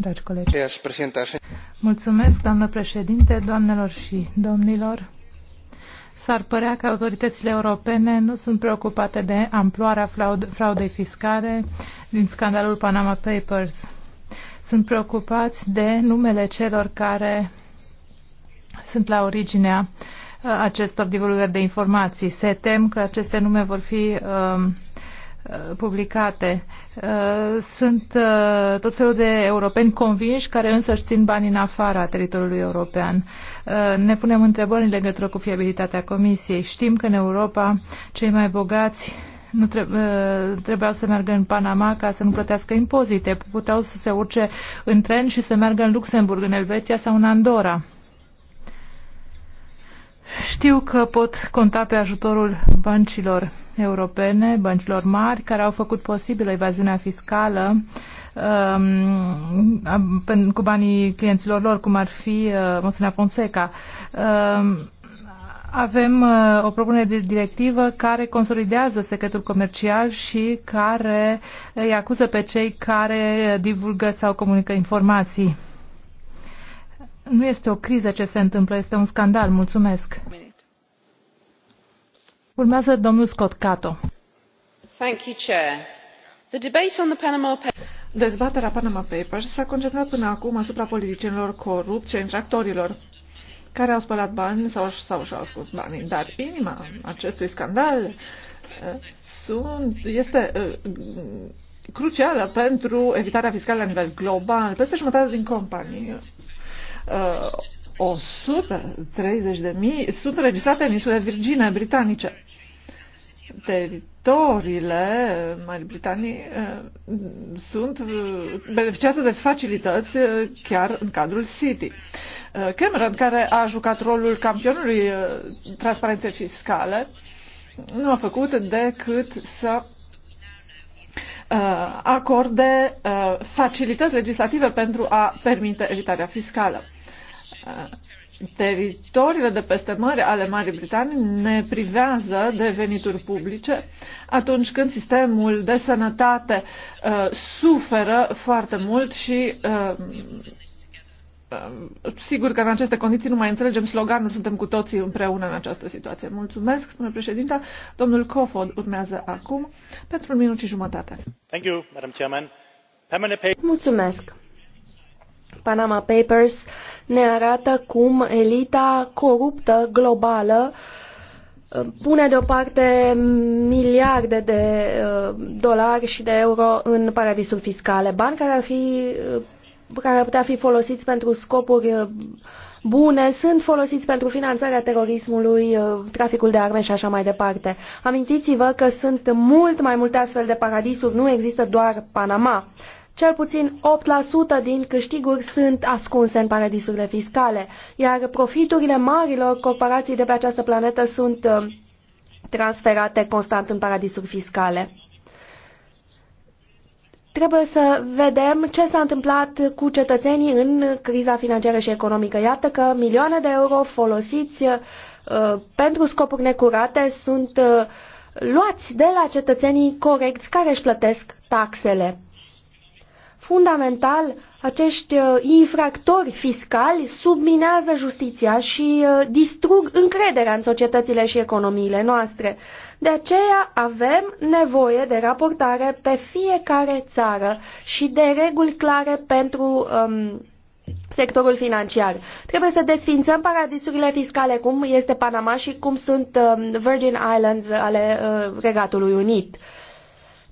dragi colegi. Mulțumesc, doamnă președinte, doamnelor și domnilor. S-ar părea că autoritățile europene nu sunt preocupate de amploarea fraudei fiscale din scandalul Panama Papers. Sunt preocupați de numele celor care sunt la originea uh, acestor divulgări de informații. Se tem că aceste nume vor fi uh, Uh, publicate. Uh, sunt uh, tot felul de europeni convinși care însă își țin bani în afara teritoriului european. Ne punem întrebări în legătură cu fiabilitatea Comisiei. Știm că în Europa cei mai bogați nu trebuie, trebuiau să meargă în Panama ca să nu plătească impozite. Puteau să se urce în tren și să meargă în Luxemburg, în Elveția sau în Andorra știu că pot conta pe ajutorul băncilor europene, băncilor mari, care au făcut posibilă evaziunea fiscală um, cu banii clienților lor, cum ar fi uh, Moțenea Fonseca. Um, avem uh, o propunere de directivă care consolidează secretul comercial și care îi acuză pe cei care divulgă sau comunică informații. Nu este o criză ce se întâmplă, este un scandal. Mulțumesc. Urmează domnul Scott Cato. Thank you, Chair. The debate on the Panama Papers... Dezbaterea Panama Papers s-a concentrat până acum asupra politicienilor corupți și infractorilor care au spălat bani sau, sau și-au ascuns banii. Dar inima acestui scandal uh, sunt, este uh, crucială pentru evitarea fiscală la nivel global. Peste jumătate din companii Uh, mii sunt registrate în insulele Virgine britanice. Teritoriile Marii Britanii uh, sunt uh, beneficiate de facilități chiar în cadrul City. Cameron, care a jucat rolul campionului transparenței fiscale, nu a făcut decât să acorde facilități legislative pentru a permite evitarea fiscală teritoriile de peste mare ale Marii Britanii ne privează de venituri publice atunci când sistemul de sănătate uh, suferă foarte mult și uh, uh, sigur că în aceste condiții nu mai înțelegem sloganul, suntem cu toții împreună în această situație. Mulțumesc, spune președinta. Domnul Cofod urmează acum pentru un minut și jumătate. Thank you, Madam Chairman. Mulțumesc. Panama Papers ne arată cum elita coruptă globală uh, pune deoparte miliarde de uh, dolari și de euro în paradisuri fiscale, bani care ar, fi, uh, care ar putea fi folosiți pentru scopuri bune sunt folosiți pentru finanțarea terorismului, traficul de arme și așa mai departe. Amintiți-vă că sunt mult mai multe astfel de paradisuri, nu există doar Panama. Cel puțin 8% din câștiguri sunt ascunse în paradisurile fiscale, iar profiturile marilor corporații de pe această planetă sunt uh, transferate constant în paradisuri fiscale. Trebuie să vedem ce s-a întâmplat cu cetățenii în criza financiară și economică. Iată că milioane de euro folosiți uh, pentru scopuri necurate sunt uh, luați de la cetățenii corecți care își plătesc taxele fundamental, acești uh, infractori fiscali subminează justiția și uh, distrug încrederea în societățile și economiile noastre. De aceea avem nevoie de raportare pe fiecare țară și de reguli clare pentru um, sectorul financiar. Trebuie să desfințăm paradisurile fiscale, cum este Panama și cum sunt um, Virgin Islands ale uh, Regatului Unit. Uh,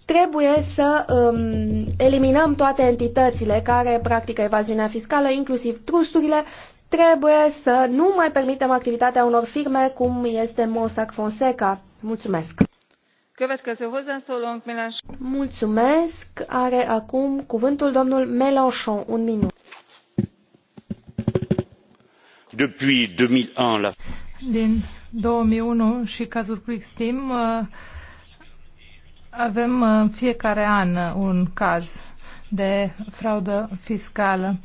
Trebuie să um, eliminăm toate entitățile care practică evaziunea fiscală, inclusiv trusturile. Trebuie să nu mai permitem activitatea unor firme cum este Mossack Fonseca. Mulțumesc! Mulțumesc! Are acum cuvântul domnul Mélenchon. Un minut. Depuis 2001, la... Din 2001 și cazul Quick Steam, uh avem uh, în fiecare an uh, un caz de fraudă fiscală.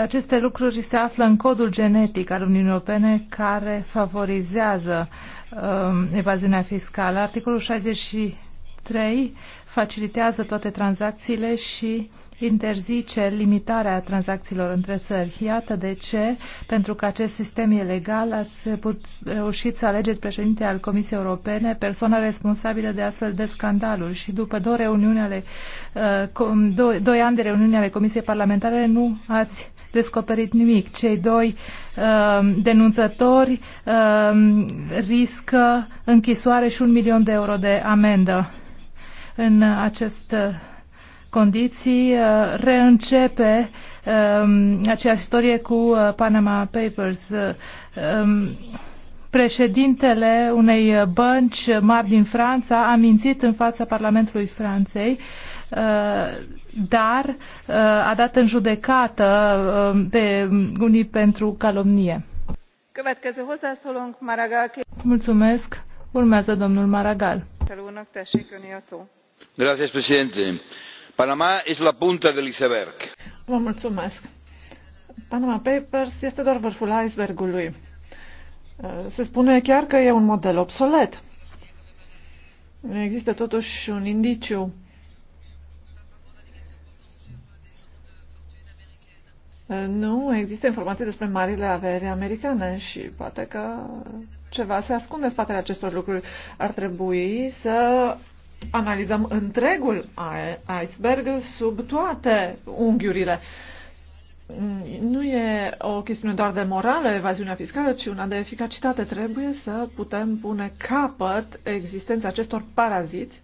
Aceste lucruri se află în codul genetic al Uniunii Europene care favorizează um, evaziunea fiscală. Articolul 63 facilitează toate tranzacțiile și interzice limitarea tranzacțiilor între țări. Iată de ce, pentru că acest sistem e legal, ați put, reușit să alegeți președinte al Comisiei Europene, persoana responsabilă de astfel de scandaluri și după două reuniuni ale, două, uh, două ani de reuniuni ale Comisiei Parlamentare nu ați descoperit nimic. Cei doi uh, denunțători uh, riscă închisoare și un milion de euro de amendă. În acest condiții uh, reîncepe um, acea istorie cu uh, Panama Papers. Uh, um, președintele unei bănci mari din Franța a mințit în fața Parlamentului Franței dar a dat în judecată pe unii pentru calomnie. Mulțumesc. Urmează domnul Maragal. Gracias, presidente. Panama es la punta del iceberg. Vă mulțumesc. Panama Papers este doar vârful icebergului. Uh, se spune chiar că e un model obsolet. Există totuși un indiciu uh, Nu, există informații despre marile avere americane și poate că ceva se ascunde în spatele acestor lucruri. Ar trebui să analizăm întregul iceberg sub toate unghiurile. Nu e o chestiune doar de morală, evaziunea fiscală, ci una de eficacitate. Trebuie să putem pune capăt existența acestor paraziți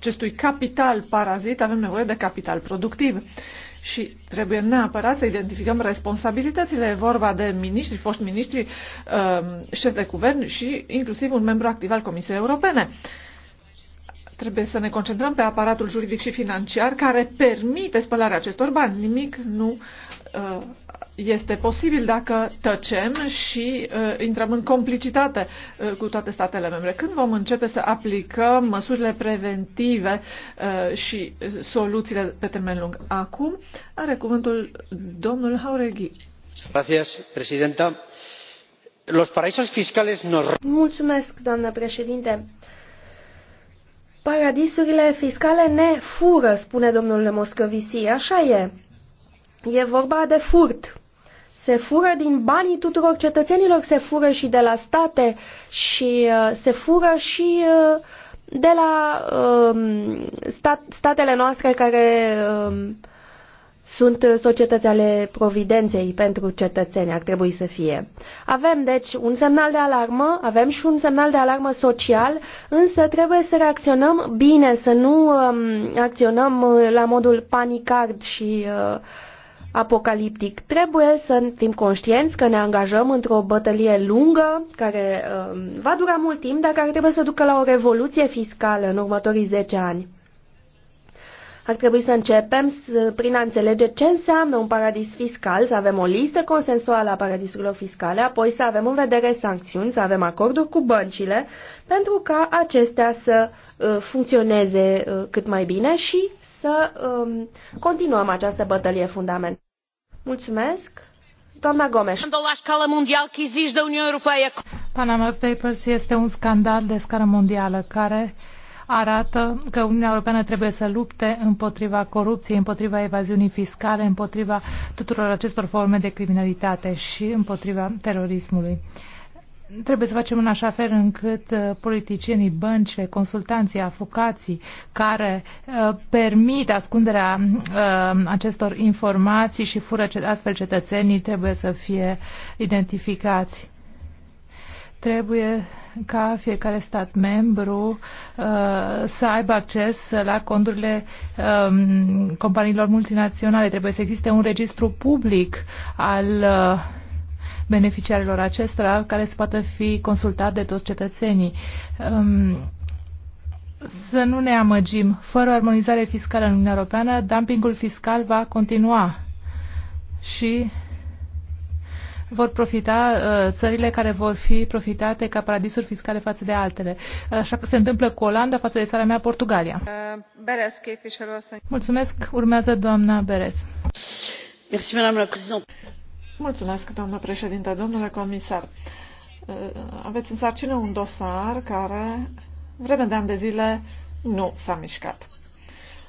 acestui capital parazit, avem nevoie de capital productiv. Și trebuie neapărat să identificăm responsabilitățile. E vorba de miniștri, foști miniștri, um, șef de guvern și inclusiv un membru activ al Comisiei Europene trebuie să ne concentrăm pe aparatul juridic și financiar care permite spălarea acestor bani. Nimic nu Uh, este posibil dacă tăcem și uh, intrăm în complicitate uh, cu toate statele membre. Când vom începe să aplicăm măsurile preventive uh, și soluțiile pe termen lung? Acum are cuvântul domnul Haureghi. Gracias, presidenta. Los paraísos fiscales nos... Mulțumesc, doamnă președinte. Paradisurile fiscale ne fură, spune domnul Moscovici. Așa e. E vorba de furt. Se fură din banii tuturor cetățenilor, se fură și de la state și uh, se fură și uh, de la uh, stat, statele noastre care uh, sunt societăți ale providenței pentru cetățeni, ar trebui să fie. Avem, deci, un semnal de alarmă, avem și un semnal de alarmă social, însă trebuie să reacționăm bine, să nu um, uh, acționăm la modul panicard și uh, apocaliptic. Trebuie să fim conștienți că ne angajăm într-o bătălie lungă, care uh, va dura mult timp, dar care trebuie să ducă la o revoluție fiscală în următorii 10 ani. Ar trebui să începem prin a înțelege ce înseamnă un paradis fiscal, să avem o listă consensuală a paradisurilor fiscale, apoi să avem în vedere sancțiuni, să avem acorduri cu băncile, pentru ca acestea să uh, funcționeze uh, cât mai bine și să um, continuăm această bătălie fundamentală. Mulțumesc! Doamna Gomes. mondială Uniunea Europeană. Panama Papers este un scandal de scară mondială care arată că Uniunea Europeană trebuie să lupte împotriva corupției, împotriva evaziunii fiscale, împotriva tuturor acestor forme de criminalitate și împotriva terorismului trebuie să facem în așa fel încât uh, politicienii, băncile, consultanții, avocații care uh, permit ascunderea uh, acestor informații și fură astfel cetățenii trebuie să fie identificați trebuie ca fiecare stat membru să aibă acces la conturile um, companiilor multinaționale. Trebuie să existe un registru public al beneficiarilor acestora, care se poate fi consultat de toți cetățenii. Um, să nu ne amăgim. Fără armonizare fiscală în Uniunea Europeană, dumpingul fiscal va continua și vor profita uh, țările care vor fi profitate ca paradisuri fiscale față de altele. Așa că se întâmplă cu Olanda față de țara mea, Portugalia. Uh, Beres, Mulțumesc. Urmează doamna Beres. Mulțumesc, doamnă președinte, domnule comisar. Uh, aveți în sarcină un dosar care, vreme de ani de zile, nu s-a mișcat.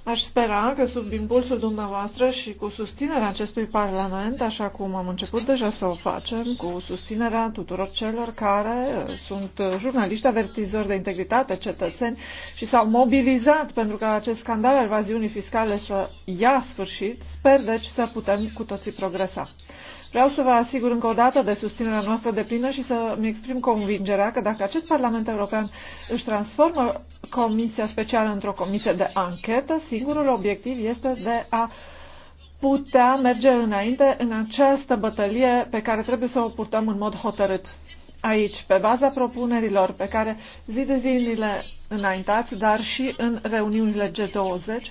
Aș spera că sub impulsul dumneavoastră și cu susținerea acestui Parlament, așa cum am început deja să o facem, cu susținerea tuturor celor care uh, sunt jurnaliști, avertizori de integritate, cetățeni și s-au mobilizat pentru ca acest scandal al evaziunii fiscale să ia sfârșit, sper deci să putem cu toții progresa. Vreau să vă asigur încă o dată de susținerea noastră de plină și să-mi exprim convingerea că dacă acest Parlament European își transformă Comisia Specială într-o comisie de anchetă, singurul obiectiv este de a putea merge înainte în această bătălie pe care trebuie să o purtăm în mod hotărât. Aici, pe baza propunerilor pe care zi de zi le înaintați, dar și în reuniunile G20,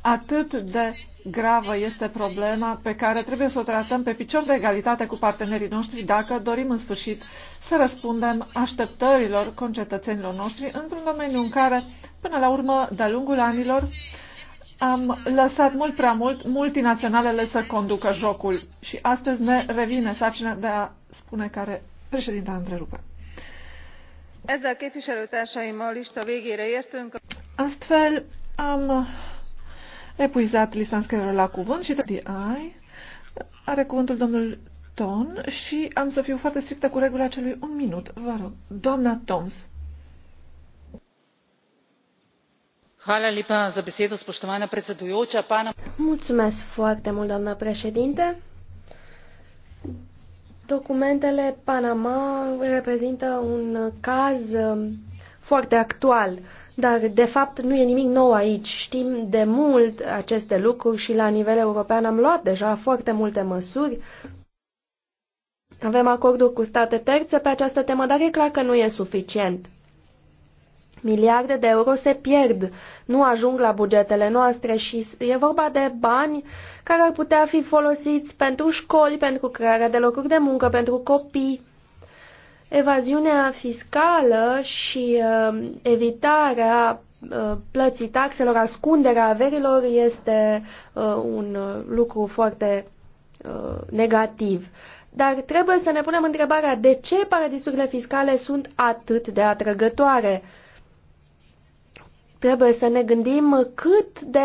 atât de gravă este problema pe care trebuie să o tratăm pe picior de egalitate cu partenerii noștri dacă dorim în sfârșit să răspundem așteptărilor concetățenilor noștri într-un domeniu în care, până la urmă, de-a lungul anilor, am lăsat mult prea mult multinaționalele să conducă jocul și astăzi ne revine sarcina de a spune care președinta întrerupe. Ezzel lista Astfel am epuizat lista înscrierilor la cuvânt și ai are cuvântul domnul Ton și am să fiu foarte strictă cu regula celui un minut. Vă rog, doamna Toms. Mulțumesc foarte mult, doamna președinte. Documentele Panama reprezintă un caz um, foarte actual dar, de fapt, nu e nimic nou aici. Știm de mult aceste lucruri și la nivel european am luat deja foarte multe măsuri. Avem acorduri cu state terțe pe această temă, dar e clar că nu e suficient. Miliarde de euro se pierd, nu ajung la bugetele noastre și e vorba de bani care ar putea fi folosiți pentru școli, pentru crearea de locuri de muncă, pentru copii. Evaziunea fiscală și uh, evitarea uh, plății taxelor, ascunderea averilor este uh, un uh, lucru foarte uh, negativ. Dar trebuie să ne punem întrebarea de ce paradisurile fiscale sunt atât de atrăgătoare. Uh, Trebuie să ne gândim cât de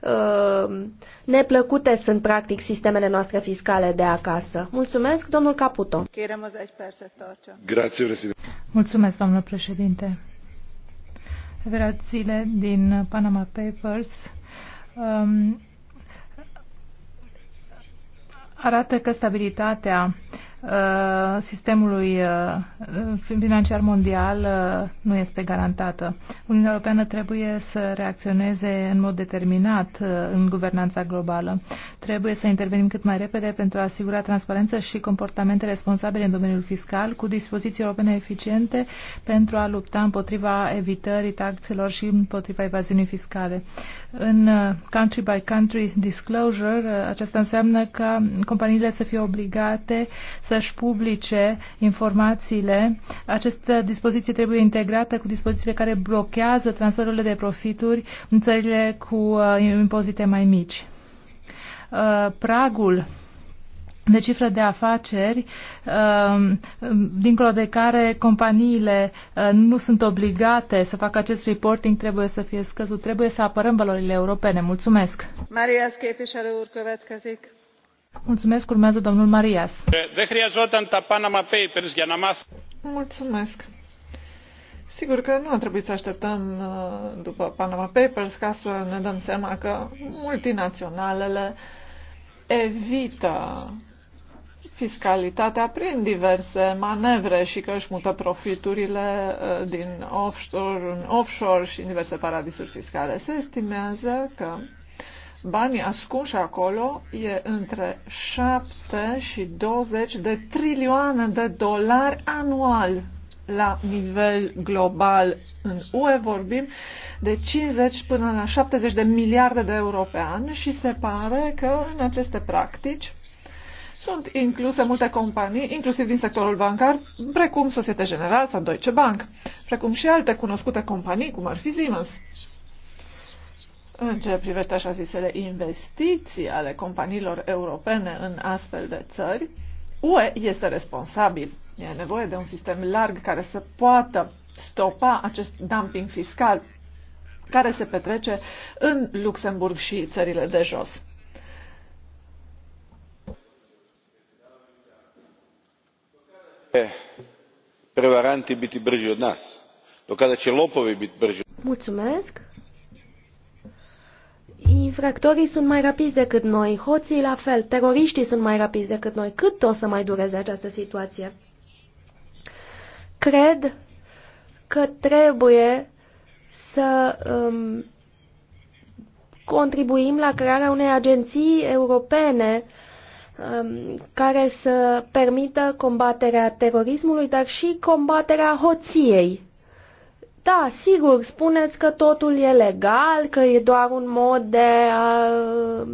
uh, neplăcute sunt practic sistemele noastre fiscale de acasă. Mulțumesc, domnul Caputo. Mulțumesc, domnule președinte. Revelațiile din Panama Papers um, arată că stabilitatea uh, Uh, sistemului uh, financiar mondial uh, nu este garantată. Uniunea Europeană trebuie să reacționeze în mod determinat în guvernanța globală. Trebuie să intervenim cât mai repede pentru a asigura transparență și comportamente responsabile în domeniul fiscal, cu dispoziții europene eficiente pentru a lupta împotriva evitării taxelor și împotriva evaziunii fiscale. În country by country disclosure, aceasta înseamnă că companiile să fie obligate să să-și publice informațiile. Această dispoziție trebuie integrată cu dispozițiile care blochează transferurile de profituri în țările cu uh, impozite mai mici. Uh, pragul de cifră de afaceri, uh, dincolo de care companiile nu sunt obligate să facă acest reporting, trebuie să fie scăzut. Trebuie să apărăm valorile europene. Mulțumesc! Maria képviselő úr, Mulțumesc, urmează domnul Marias. Mulțumesc. Sigur că nu a trebuit să așteptăm uh, după Panama Papers ca să ne dăm seama că multinaționalele evită fiscalitatea prin diverse manevre și că își mută profiturile uh, din offshore în offshore și în diverse paradisuri fiscale. Se estimează că banii ascunși acolo e între 7 și 20 de trilioane de dolari anual la nivel global. În UE vorbim de 50 până la 70 de miliarde de euro pe an și se pare că în aceste practici sunt incluse multe companii, inclusiv din sectorul bancar, precum Societe General sau Deutsche Bank, precum și alte cunoscute companii, cum ar fi Siemens în ce privește așa zisele investiții ale companiilor europene în astfel de țări, UE este responsabil. E nevoie de un sistem larg care să poată stopa acest dumping fiscal care se petrece în Luxemburg și țările de jos. prevaranti biti brži od nas, do će lopovi biti brži. Mulțumesc. Infractorii sunt mai rapizi decât noi, hoții la fel, teroriștii sunt mai rapizi decât noi. Cât o să mai dureze această situație? Cred că trebuie să um, contribuim la crearea unei agenții europene um, care să permită combaterea terorismului, dar și combaterea hoției. Da, sigur, spuneți că totul e legal, că e doar un mod de a um,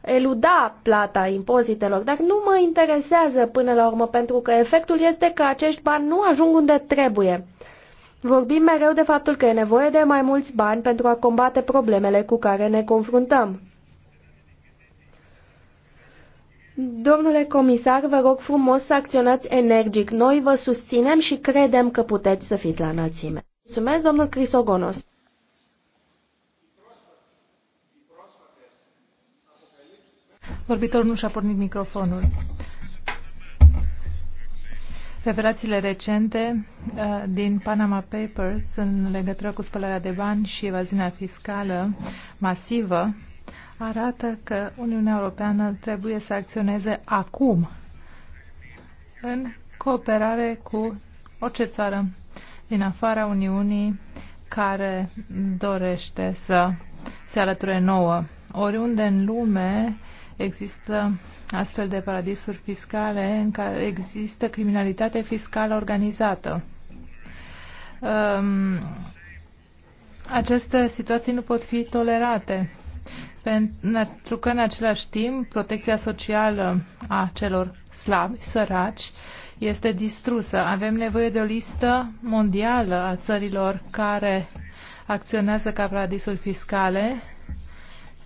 eluda plata impozitelor, dar nu mă interesează până la urmă, pentru că efectul este că acești bani nu ajung unde trebuie. Vorbim mereu de faptul că e nevoie de mai mulți bani pentru a combate problemele cu care ne confruntăm. Domnule comisar, vă rog frumos să acționați energic. Noi vă susținem și credem că puteți să fiți la înălțime. Mulțumesc, domnul Crisogonos. Vorbitorul nu și-a pornit microfonul. Revelațiile recente uh, din Panama Papers în legătură cu spălarea de bani și evaziunea fiscală masivă arată că Uniunea Europeană trebuie să acționeze acum în cooperare cu orice țară din afara Uniunii care dorește să se alăture nouă. Oriunde în lume există astfel de paradisuri fiscale în care există criminalitate fiscală organizată. Um, aceste situații nu pot fi tolerate pentru că în același timp protecția socială a celor slabi, săraci, este distrusă. Avem nevoie de o listă mondială a țărilor care acționează ca paradisuri fiscale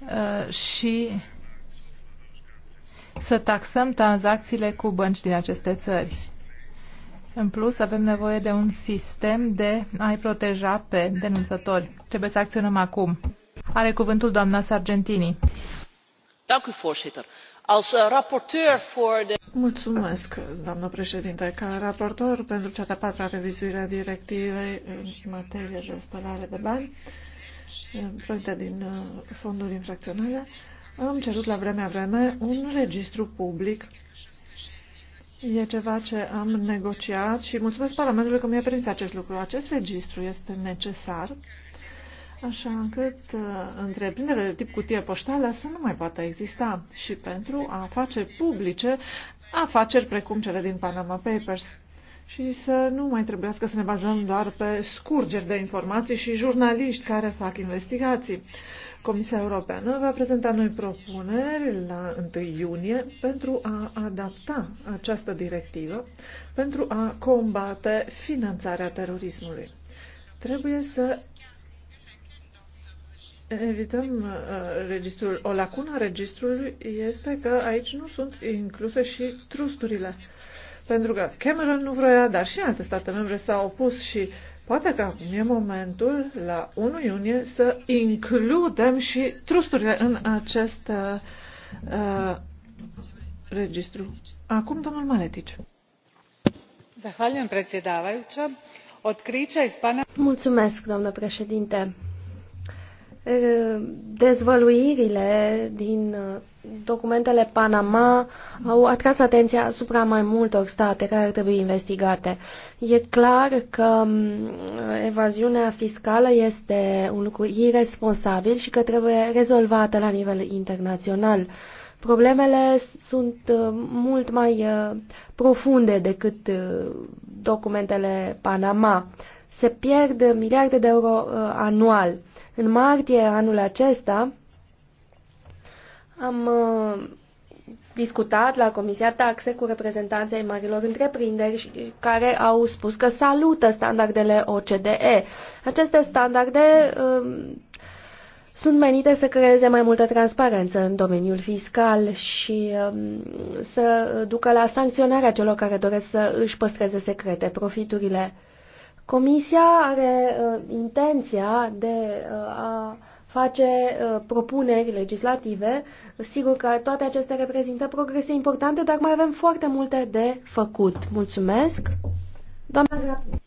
uh, și să taxăm tranzacțiile cu bănci din aceste țări. În plus, avem nevoie de un sistem de a-i proteja pe denunțători. Trebuie să acționăm acum. Are cuvântul doamna Sargentini. Eh, mulțumesc, doamnă președinte. Ca raportor pentru cea de-a patra revizuire a directivei în materie de spălare de bani, proiecte din eh, fonduri infracționale, am cerut la vremea vreme un registru public. E ceva ce am negociat și mulțumesc Parlamentului că mi-a permis acest lucru. Acest registru este necesar așa încât uh, întreprinderile de tip cutie poștală să nu mai poată exista și pentru a face publice afaceri precum cele din Panama Papers și să nu mai trebuiască să ne bazăm doar pe scurgeri de informații și jurnaliști care fac investigații. Comisia Europeană va prezenta noi propuneri la 1 iunie pentru a adapta această directivă pentru a combate finanțarea terorismului. Trebuie să evităm uh, registrul. O lacună a registrului este că aici nu sunt incluse și trusturile. Pentru că Cameron nu vrea, dar și alte state membre s-au opus și poate că acum e momentul la 1 iunie să includem și trusturile în acest uh, uh, registru. Acum, domnul Maletici. Zahvaljujem predsjedavajuća. Otkrića iz Mulțumesc, doamnă președinte Ă, dezvăluirile din ă, documentele Panama au atras atenția asupra mai multor state care ar trebui investigate. E clar că evaziunea fiscală este un lucru irresponsabil și că trebuie rezolvată la nivel internațional. Problemele sunt ă, mult mai profunde decât documentele Panama. Se pierd miliarde de euro anual în martie anul acesta am uh, discutat la Comisia Taxe cu reprezentanții marilor întreprinderi care au spus că salută standardele OCDE. Aceste standarde um, sunt menite să creeze mai multă transparență în domeniul fiscal și um, să ducă la sancționarea celor care doresc să își păstreze secrete profiturile. Comisia are uh, intenția de uh, a face uh, propuneri legislative. Sigur că toate acestea reprezintă progrese importante, dar mai avem foarte multe de făcut. Mulțumesc! Doamna Grapini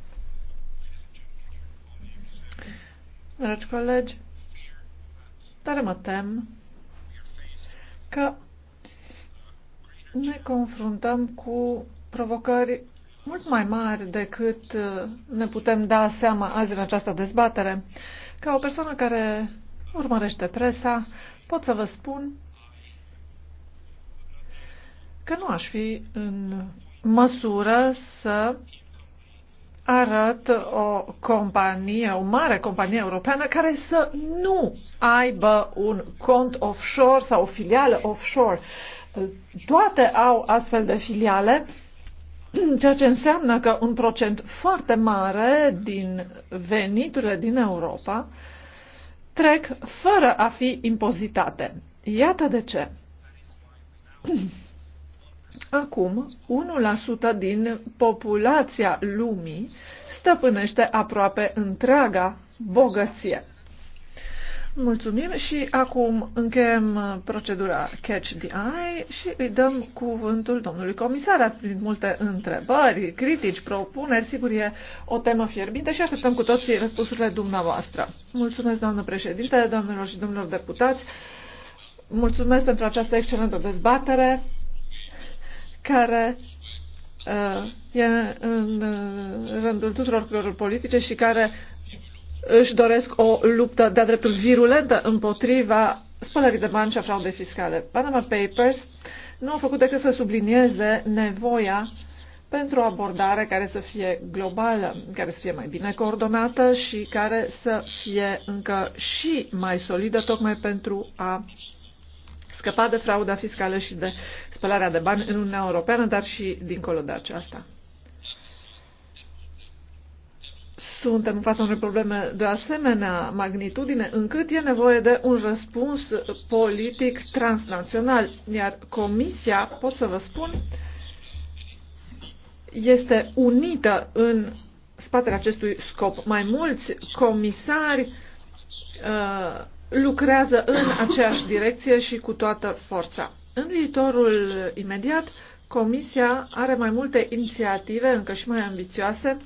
Dragi colegi, dar mă tem că ne confruntăm cu provocări mult mai mari decât uh, ne putem da seama azi în această dezbatere. Ca o persoană care urmărește presa, pot să vă spun că nu aș fi în măsură să arăt o companie, o mare companie europeană care să nu aibă un cont offshore sau o filială offshore. Toate au astfel de filiale, ceea ce înseamnă că un procent foarte mare din veniturile din Europa trec fără a fi impozitate. Iată de ce. Acum, 1% din populația lumii stăpânește aproape întreaga bogăție. Mulțumim și acum încheiem procedura Catch the Eye și îi dăm cuvântul domnului comisar. Ați primit multe întrebări, critici, propuneri. Sigur, e o temă fierbinte și așteptăm cu toții răspunsurile dumneavoastră. Mulțumesc, doamnă președinte, doamnelor și domnilor deputați. Mulțumesc pentru această excelentă dezbatere care uh, e în uh, rândul tuturor culorilor politice și care își doresc o luptă de-a dreptul virulentă împotriva spălării de bani și a fraudei fiscale. Panama Papers nu au făcut decât să sublinieze nevoia pentru o abordare care să fie globală, care să fie mai bine coordonată și care să fie încă și mai solidă, tocmai pentru a scăpa de frauda fiscală și de spălarea de bani în Uniunea Europeană, dar și dincolo de aceasta. Suntem în fața unei probleme de asemenea magnitudine, încât e nevoie de un răspuns politic transnațional, iar Comisia, pot să vă spun, este unită în spatele acestui scop. Mai mulți comisari uh, lucrează în aceeași direcție și cu toată forța. În viitorul imediat, Comisia are mai multe inițiative, încă și mai ambițioase,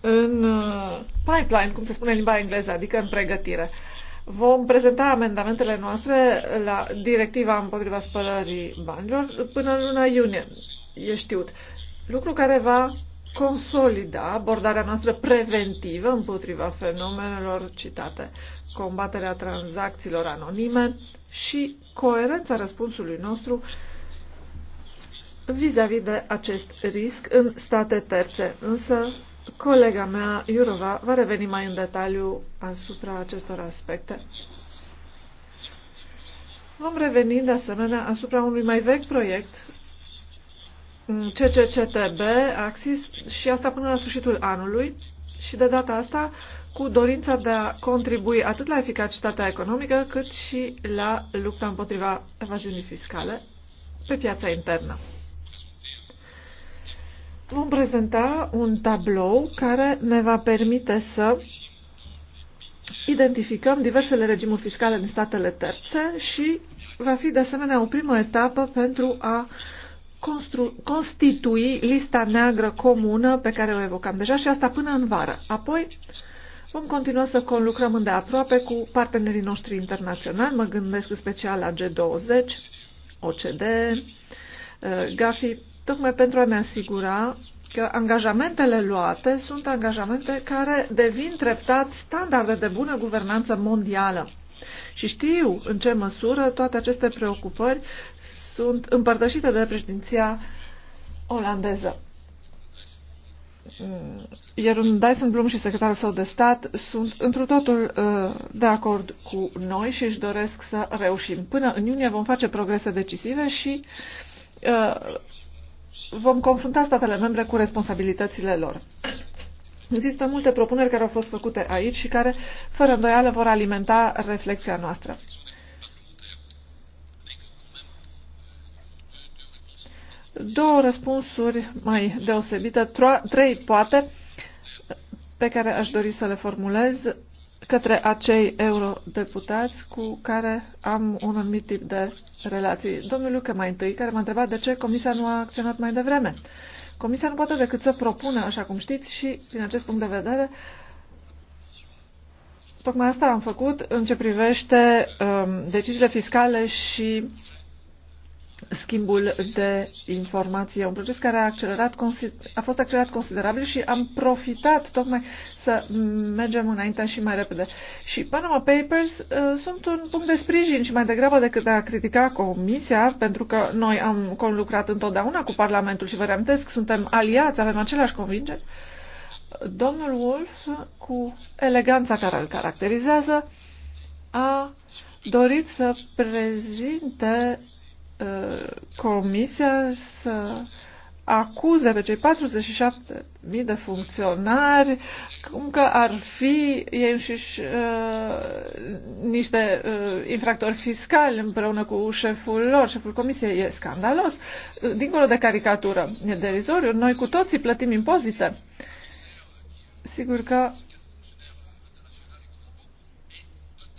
în uh, pipeline, cum se spune în limba engleză, adică în pregătire. Vom prezenta amendamentele noastre la directiva împotriva spălării banilor până în luna iunie, e știut. Lucru care va consolida abordarea noastră preventivă împotriva fenomenelor citate, combaterea tranzacțiilor anonime și coerența răspunsului nostru vis-a-vis -vis de acest risc în state terțe. Însă, colega mea, Iurova, va reveni mai în detaliu asupra acestor aspecte. Vom reveni, de asemenea, asupra unui mai vechi proiect CCCTB, Axis, și asta până la sfârșitul anului și de data asta cu dorința de a contribui atât la eficacitatea economică cât și la lupta împotriva evaziunii fiscale pe piața internă. Vom prezenta un tablou care ne va permite să identificăm diversele regimuri fiscale din statele terțe și va fi de asemenea o primă etapă pentru a uh, constitui lista neagră comună pe care o evocam deja și asta până în vară. Apoi vom continua să conlucrăm îndeaproape cu partenerii noștri internaționali, mă gândesc în special la G20, OCD, uh, GAFI, tocmai pentru a ne asigura că angajamentele luate sunt angajamente care devin treptat standarde de bună guvernanță mondială. Și știu în ce măsură toate aceste preocupări sunt împărtășite de președinția olandeză. Mm, Iar un Dyson Blum și secretarul său de stat sunt întru totul uh, de acord cu noi și își doresc să reușim. Până în iunie vom face progrese decisive și uh, vom confrunta statele membre cu responsabilitățile lor. Există multe propuneri care au fost făcute aici și care, fără îndoială, vor alimenta reflexia noastră. Două răspunsuri mai deosebite, trei poate, pe care aș dori să le formulez către acei eurodeputați cu care am un anumit tip de relații. Domnul Luca mai întâi, care m-a întrebat de ce Comisia nu a acționat mai devreme. Uh, Comisia nu poate decât să propună, așa cum știți, și din acest punct de vedere, tocmai asta am făcut în ce privește um, deciziile fiscale și schimbul de informație, un proces care a, accelerat, a fost accelerat considerabil și am profitat tocmai să mergem înainte și mai repede. Și Panama Papers uh, sunt un punct de sprijin și mai degrabă decât de a critica Comisia, pentru că noi am conlucrat întotdeauna cu Parlamentul și vă reamintesc, suntem aliați, avem aceleași convingeri. Domnul Wolf, cu eleganța care îl caracterizează, a dorit să prezinte Uh, Comisia să acuze pe cei 47.000 de funcționari cum că ar fi ei înșiși uh, niște uh, infractori fiscali împreună cu șeful lor, șeful comisiei. E scandalos. Uh, dincolo de caricatură, e derizoriu. Noi cu toții plătim impozite. Sigur că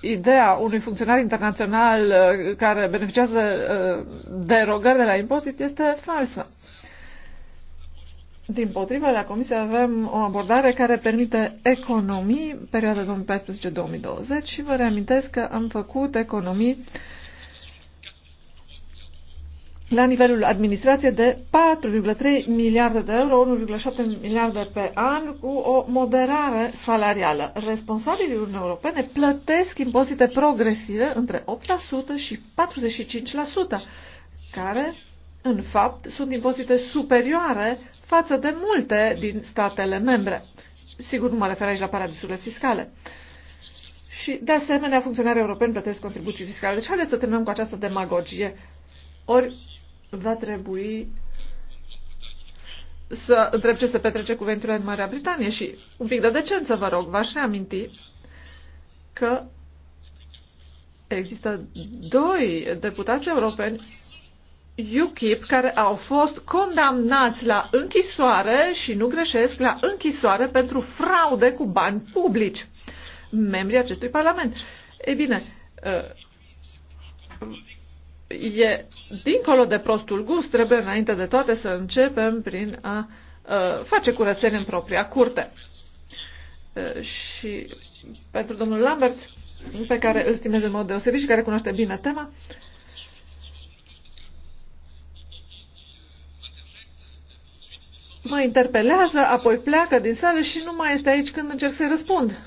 ideea unui funcționar internațional uh, care beneficiază uh, de rogări de la impozit este falsă. Din potrivă, la Comisie avem o abordare care permite economii perioada 2014-2020 și vă reamintesc că am făcut economii uh, la nivelul administrației de 4,3 miliarde de euro, 1,7 miliarde pe an, cu o moderare salarială. Responsabilii Uniunii Europene plătesc impozite progresive între 8% și 45%, care, în fapt, sunt impozite superioare față de multe din statele membre. Sigur, nu mă refer aici la paradisurile fiscale. Și, de asemenea, funcționarii europeni plătesc contribuții fiscale. Deci, haideți să terminăm cu această demagogie. Ori va trebui să întreb ce se petrece cu venturile în Marea Britanie și un pic de decență, vă rog, v-aș reaminti că există doi deputați europeni UKIP care au fost condamnați la închisoare și nu greșesc, la închisoare pentru fraude cu bani publici, membrii acestui parlament. E bine, uh, e dincolo de prostul gust, trebuie înainte de toate să începem prin a face curățenie în propria curte. Și pentru domnul Lambert, pe care îl stimez în mod deosebit și care cunoaște bine tema, mă interpelează, apoi pleacă din sală și nu mai este aici când încerc să-i răspund.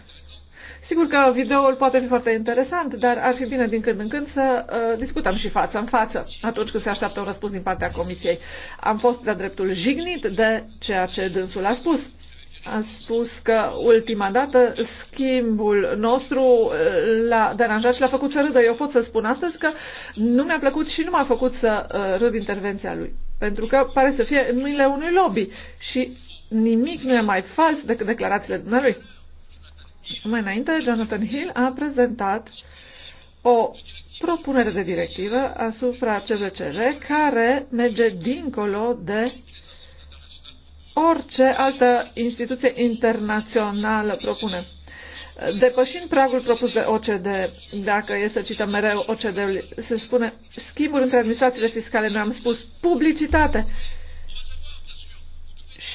Sigur că videoul poate fi foarte interesant, dar ar fi bine din când în când să uh, discutăm și față în față atunci când se așteaptă un răspuns din partea Comisiei. Am fost de dreptul jignit de ceea ce dânsul a spus. A spus că ultima dată schimbul nostru uh, l-a deranjat și l-a făcut să râdă. Eu pot să spun astăzi că nu mi-a plăcut și nu m-a făcut să uh, râd intervenția lui. Pentru că pare să fie în mâinile unui lobby și nimic nu e mai fals decât declarațiile dumneavoastră mai înainte, Jonathan Hill a prezentat o propunere de directivă asupra CVCR care merge dincolo de orice altă instituție internațională propune. Depășind pragul propus de OCDE, dacă e să cităm mereu OCDE-ul, se spune schimburi între administrațiile fiscale, noi am spus publicitate,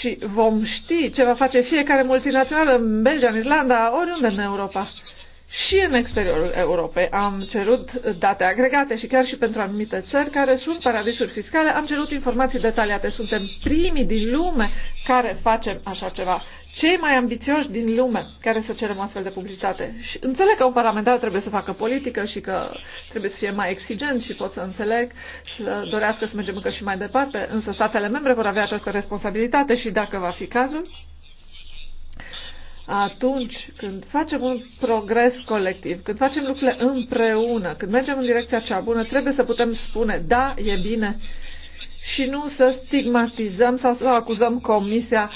și vom ști ce va face fiecare multinațională în Belgia, în Irlanda, oriunde în Europa și în exteriorul Europei. Am cerut date agregate și chiar și pentru anumite țări care sunt paradisuri fiscale, am cerut informații detaliate. Suntem primii din lume care facem așa ceva. Cei mai ambițioși din lume care să cerem astfel de publicitate. Și înțeleg că un parlamentar trebuie să facă politică și că trebuie să fie mai exigent și pot să înțeleg, să dorească să mergem încă și mai departe, însă statele membre vor avea această responsabilitate și dacă va fi cazul, atunci când facem un progres colectiv, când facem lucrurile împreună, când mergem în direcția cea bună, trebuie să putem spune, da, e bine, și nu să stigmatizăm sau să acuzăm comisia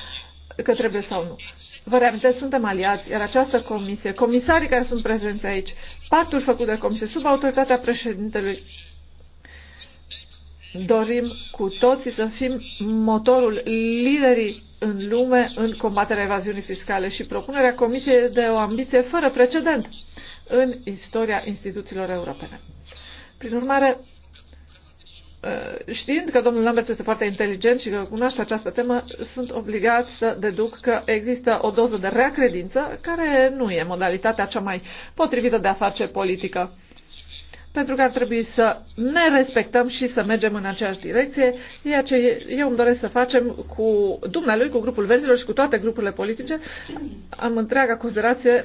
că trebuie sau nu. Vă reamintesc, suntem aliați, iar această comisie, comisarii care sunt prezenți aici, patul făcut de comisie sub autoritatea președintelui, dorim cu toții să fim motorul, liderii în lume în combaterea evaziunii fiscale și propunerea Comisiei de o ambiție fără precedent în istoria instituțiilor europene. Prin urmare, eh, știind că domnul Lambert este foarte inteligent și că cunoaște această temă, sunt obligat să deduc că există o doză de reacredință care nu e modalitatea cea mai potrivită de a face politică pentru că ar trebui să ne respectăm și să mergem în aceeași direcție, ceea ce eu îmi doresc să facem cu dumnealui, cu grupul verzilor și cu toate grupurile politice. Am întreaga considerație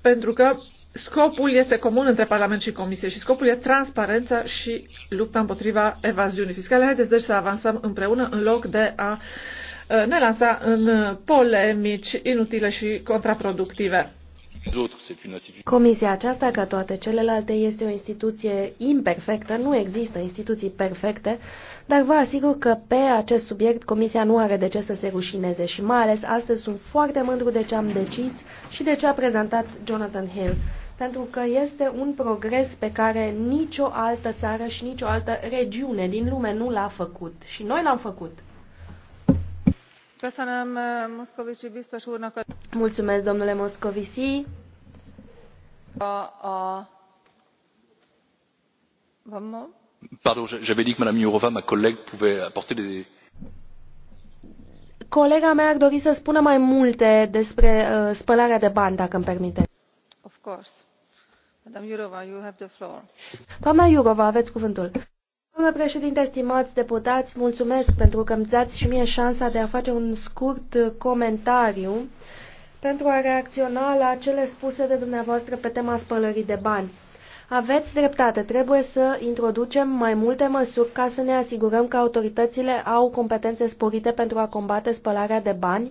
pentru că scopul este comun între Parlament și Comisie și scopul e transparența și lupta împotriva evaziunii fiscale. Haideți deci să avansăm împreună în loc de a uh, ne lansa în uh, polemici inutile și contraproductive. Comisia aceasta, ca toate celelalte, este o instituție imperfectă, nu există instituții perfecte, dar vă asigur că pe acest subiect Comisia nu are de ce să se rușineze și mai ales astăzi sunt foarte mândru de ce am decis și de ce a prezentat Jonathan Hill, pentru că este un progres pe care nicio altă țară și nicio altă regiune din lume nu l-a făcut și noi l-am făcut. Eh, Mulțumesc, domnule Moscovici. Pardon, j'avais dit que Madame Jourova, ma collègue, pouvait apporter des... Colega mea ar dori să spună mai multe despre eh, spălarea de bani, dacă îmi permite. doamnă jourov aveți cuvântul. Domnule președinte, stimați deputați, mulțumesc pentru că îmi dați și mie șansa de a face un scurt comentariu pentru a reacționa la cele spuse de dumneavoastră pe tema spălării de bani. Aveți dreptate, trebuie să introducem mai multe măsuri ca să ne asigurăm că autoritățile au competențe sporite pentru a combate spălarea de bani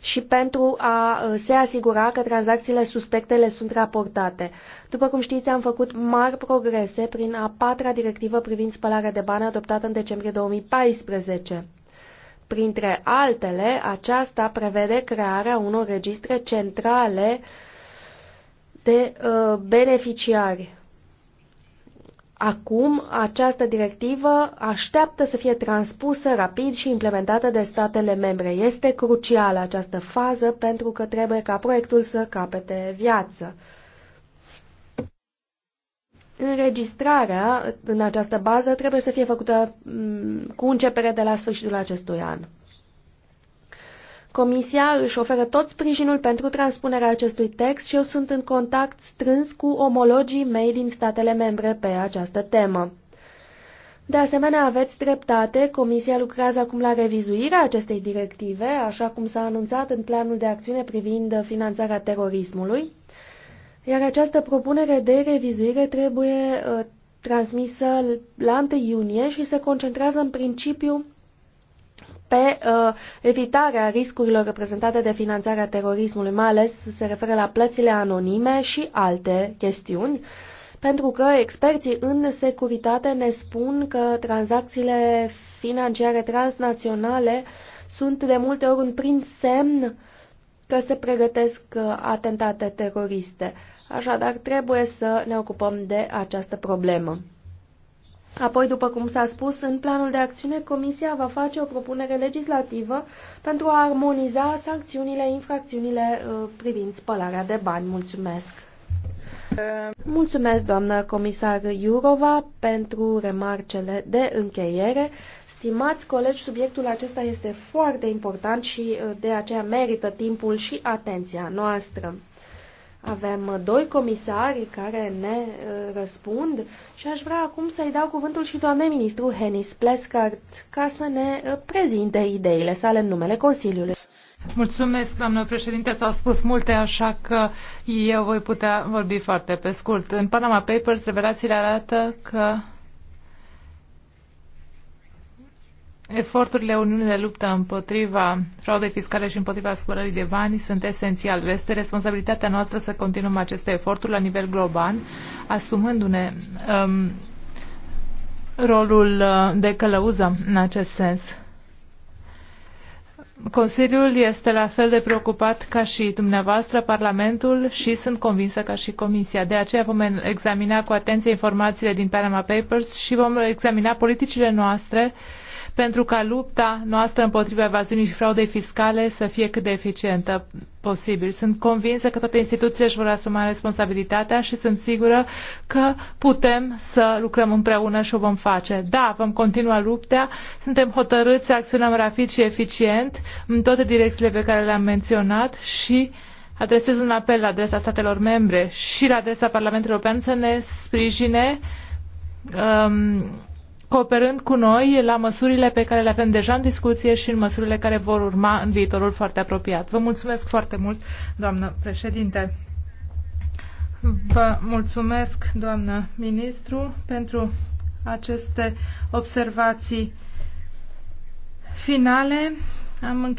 și pentru a uh, se asigura că tranzacțiile suspectele sunt raportate. După cum știți, am făcut mari progrese prin a patra directivă privind spălarea de bani adoptată în decembrie 2014. Printre altele, aceasta prevede crearea unor registre centrale de uh, beneficiari Acum, această directivă așteaptă să fie transpusă rapid și implementată de statele membre. Este crucială această fază pentru că trebuie ca proiectul să capete viață. Înregistrarea în această bază trebuie să fie făcută mm, cu începere de la sfârșitul acestui an. Comisia își oferă tot sprijinul pentru transpunerea acestui text și eu sunt în contact strâns cu omologii mei din statele membre pe această temă. De asemenea, aveți dreptate, Comisia lucrează acum la revizuirea acestei directive, așa cum s-a anunțat în planul de acțiune privind finanțarea terorismului, iar această propunere de revizuire trebuie uh, transmisă la 1 iunie și se concentrează în principiu pe uh, evitarea riscurilor reprezentate de finanțarea terorismului, mai ales se referă la plățile anonime și alte chestiuni, pentru că experții în securitate ne spun că tranzacțiile financiare transnaționale sunt de multe ori un prin semn că se pregătesc uh, atentate teroriste. Așadar, trebuie să ne ocupăm de această problemă. Apoi, după cum s-a spus, în planul de acțiune, Comisia va face o propunere legislativă pentru a armoniza sancțiunile, infracțiunile uh, privind spălarea de bani. Mulțumesc! Mulțumesc, doamnă comisar Iurova, pentru remarcele de încheiere. Stimați colegi, subiectul acesta este foarte important și uh, de aceea merită timpul și atenția noastră. Avem doi comisari care ne uh, răspund și aș vrea acum să-i dau cuvântul și doamnei ministru Henis Plescart ca să ne uh, prezinte ideile sale în numele Consiliului. Mulțumesc, doamnă președinte, s-au spus multe, așa că eu voi putea vorbi foarte pe scurt. În Panama Papers, revelațiile arată că Eforturile Uniunii de luptă împotriva fraudei fiscale și împotriva spălării de bani sunt esențiale. Este responsabilitatea noastră să continuăm aceste eforturi la nivel global, asumându-ne um, rolul uh, de călăuză în acest sens. Consiliul este la fel de preocupat ca și dumneavoastră, Parlamentul și sunt convinsă ca și Comisia. De aceea vom examina cu atenție informațiile din Panama Papers și vom examina politicile noastre uh, pentru ca lupta noastră împotriva evaziunii și fraudei fiscale să fie cât de eficientă posibil. Sunt convinsă că toate instituțiile își vor asuma responsabilitatea și sunt sigură că putem să lucrăm împreună și o vom face. Da, vom continua lupta, suntem hotărâți să acționăm rapid și eficient în toate direcțiile pe care le-am menționat și adresez un apel la adresa statelor membre și la adresa Parlamentului European să ne sprijine um, cooperând cu noi la măsurile pe care le avem deja în discuție și în măsurile care vor urma în viitorul foarte apropiat. Vă mulțumesc foarte mult, doamnă președinte. Vă mulțumesc, doamnă ministru, pentru aceste observații finale. Am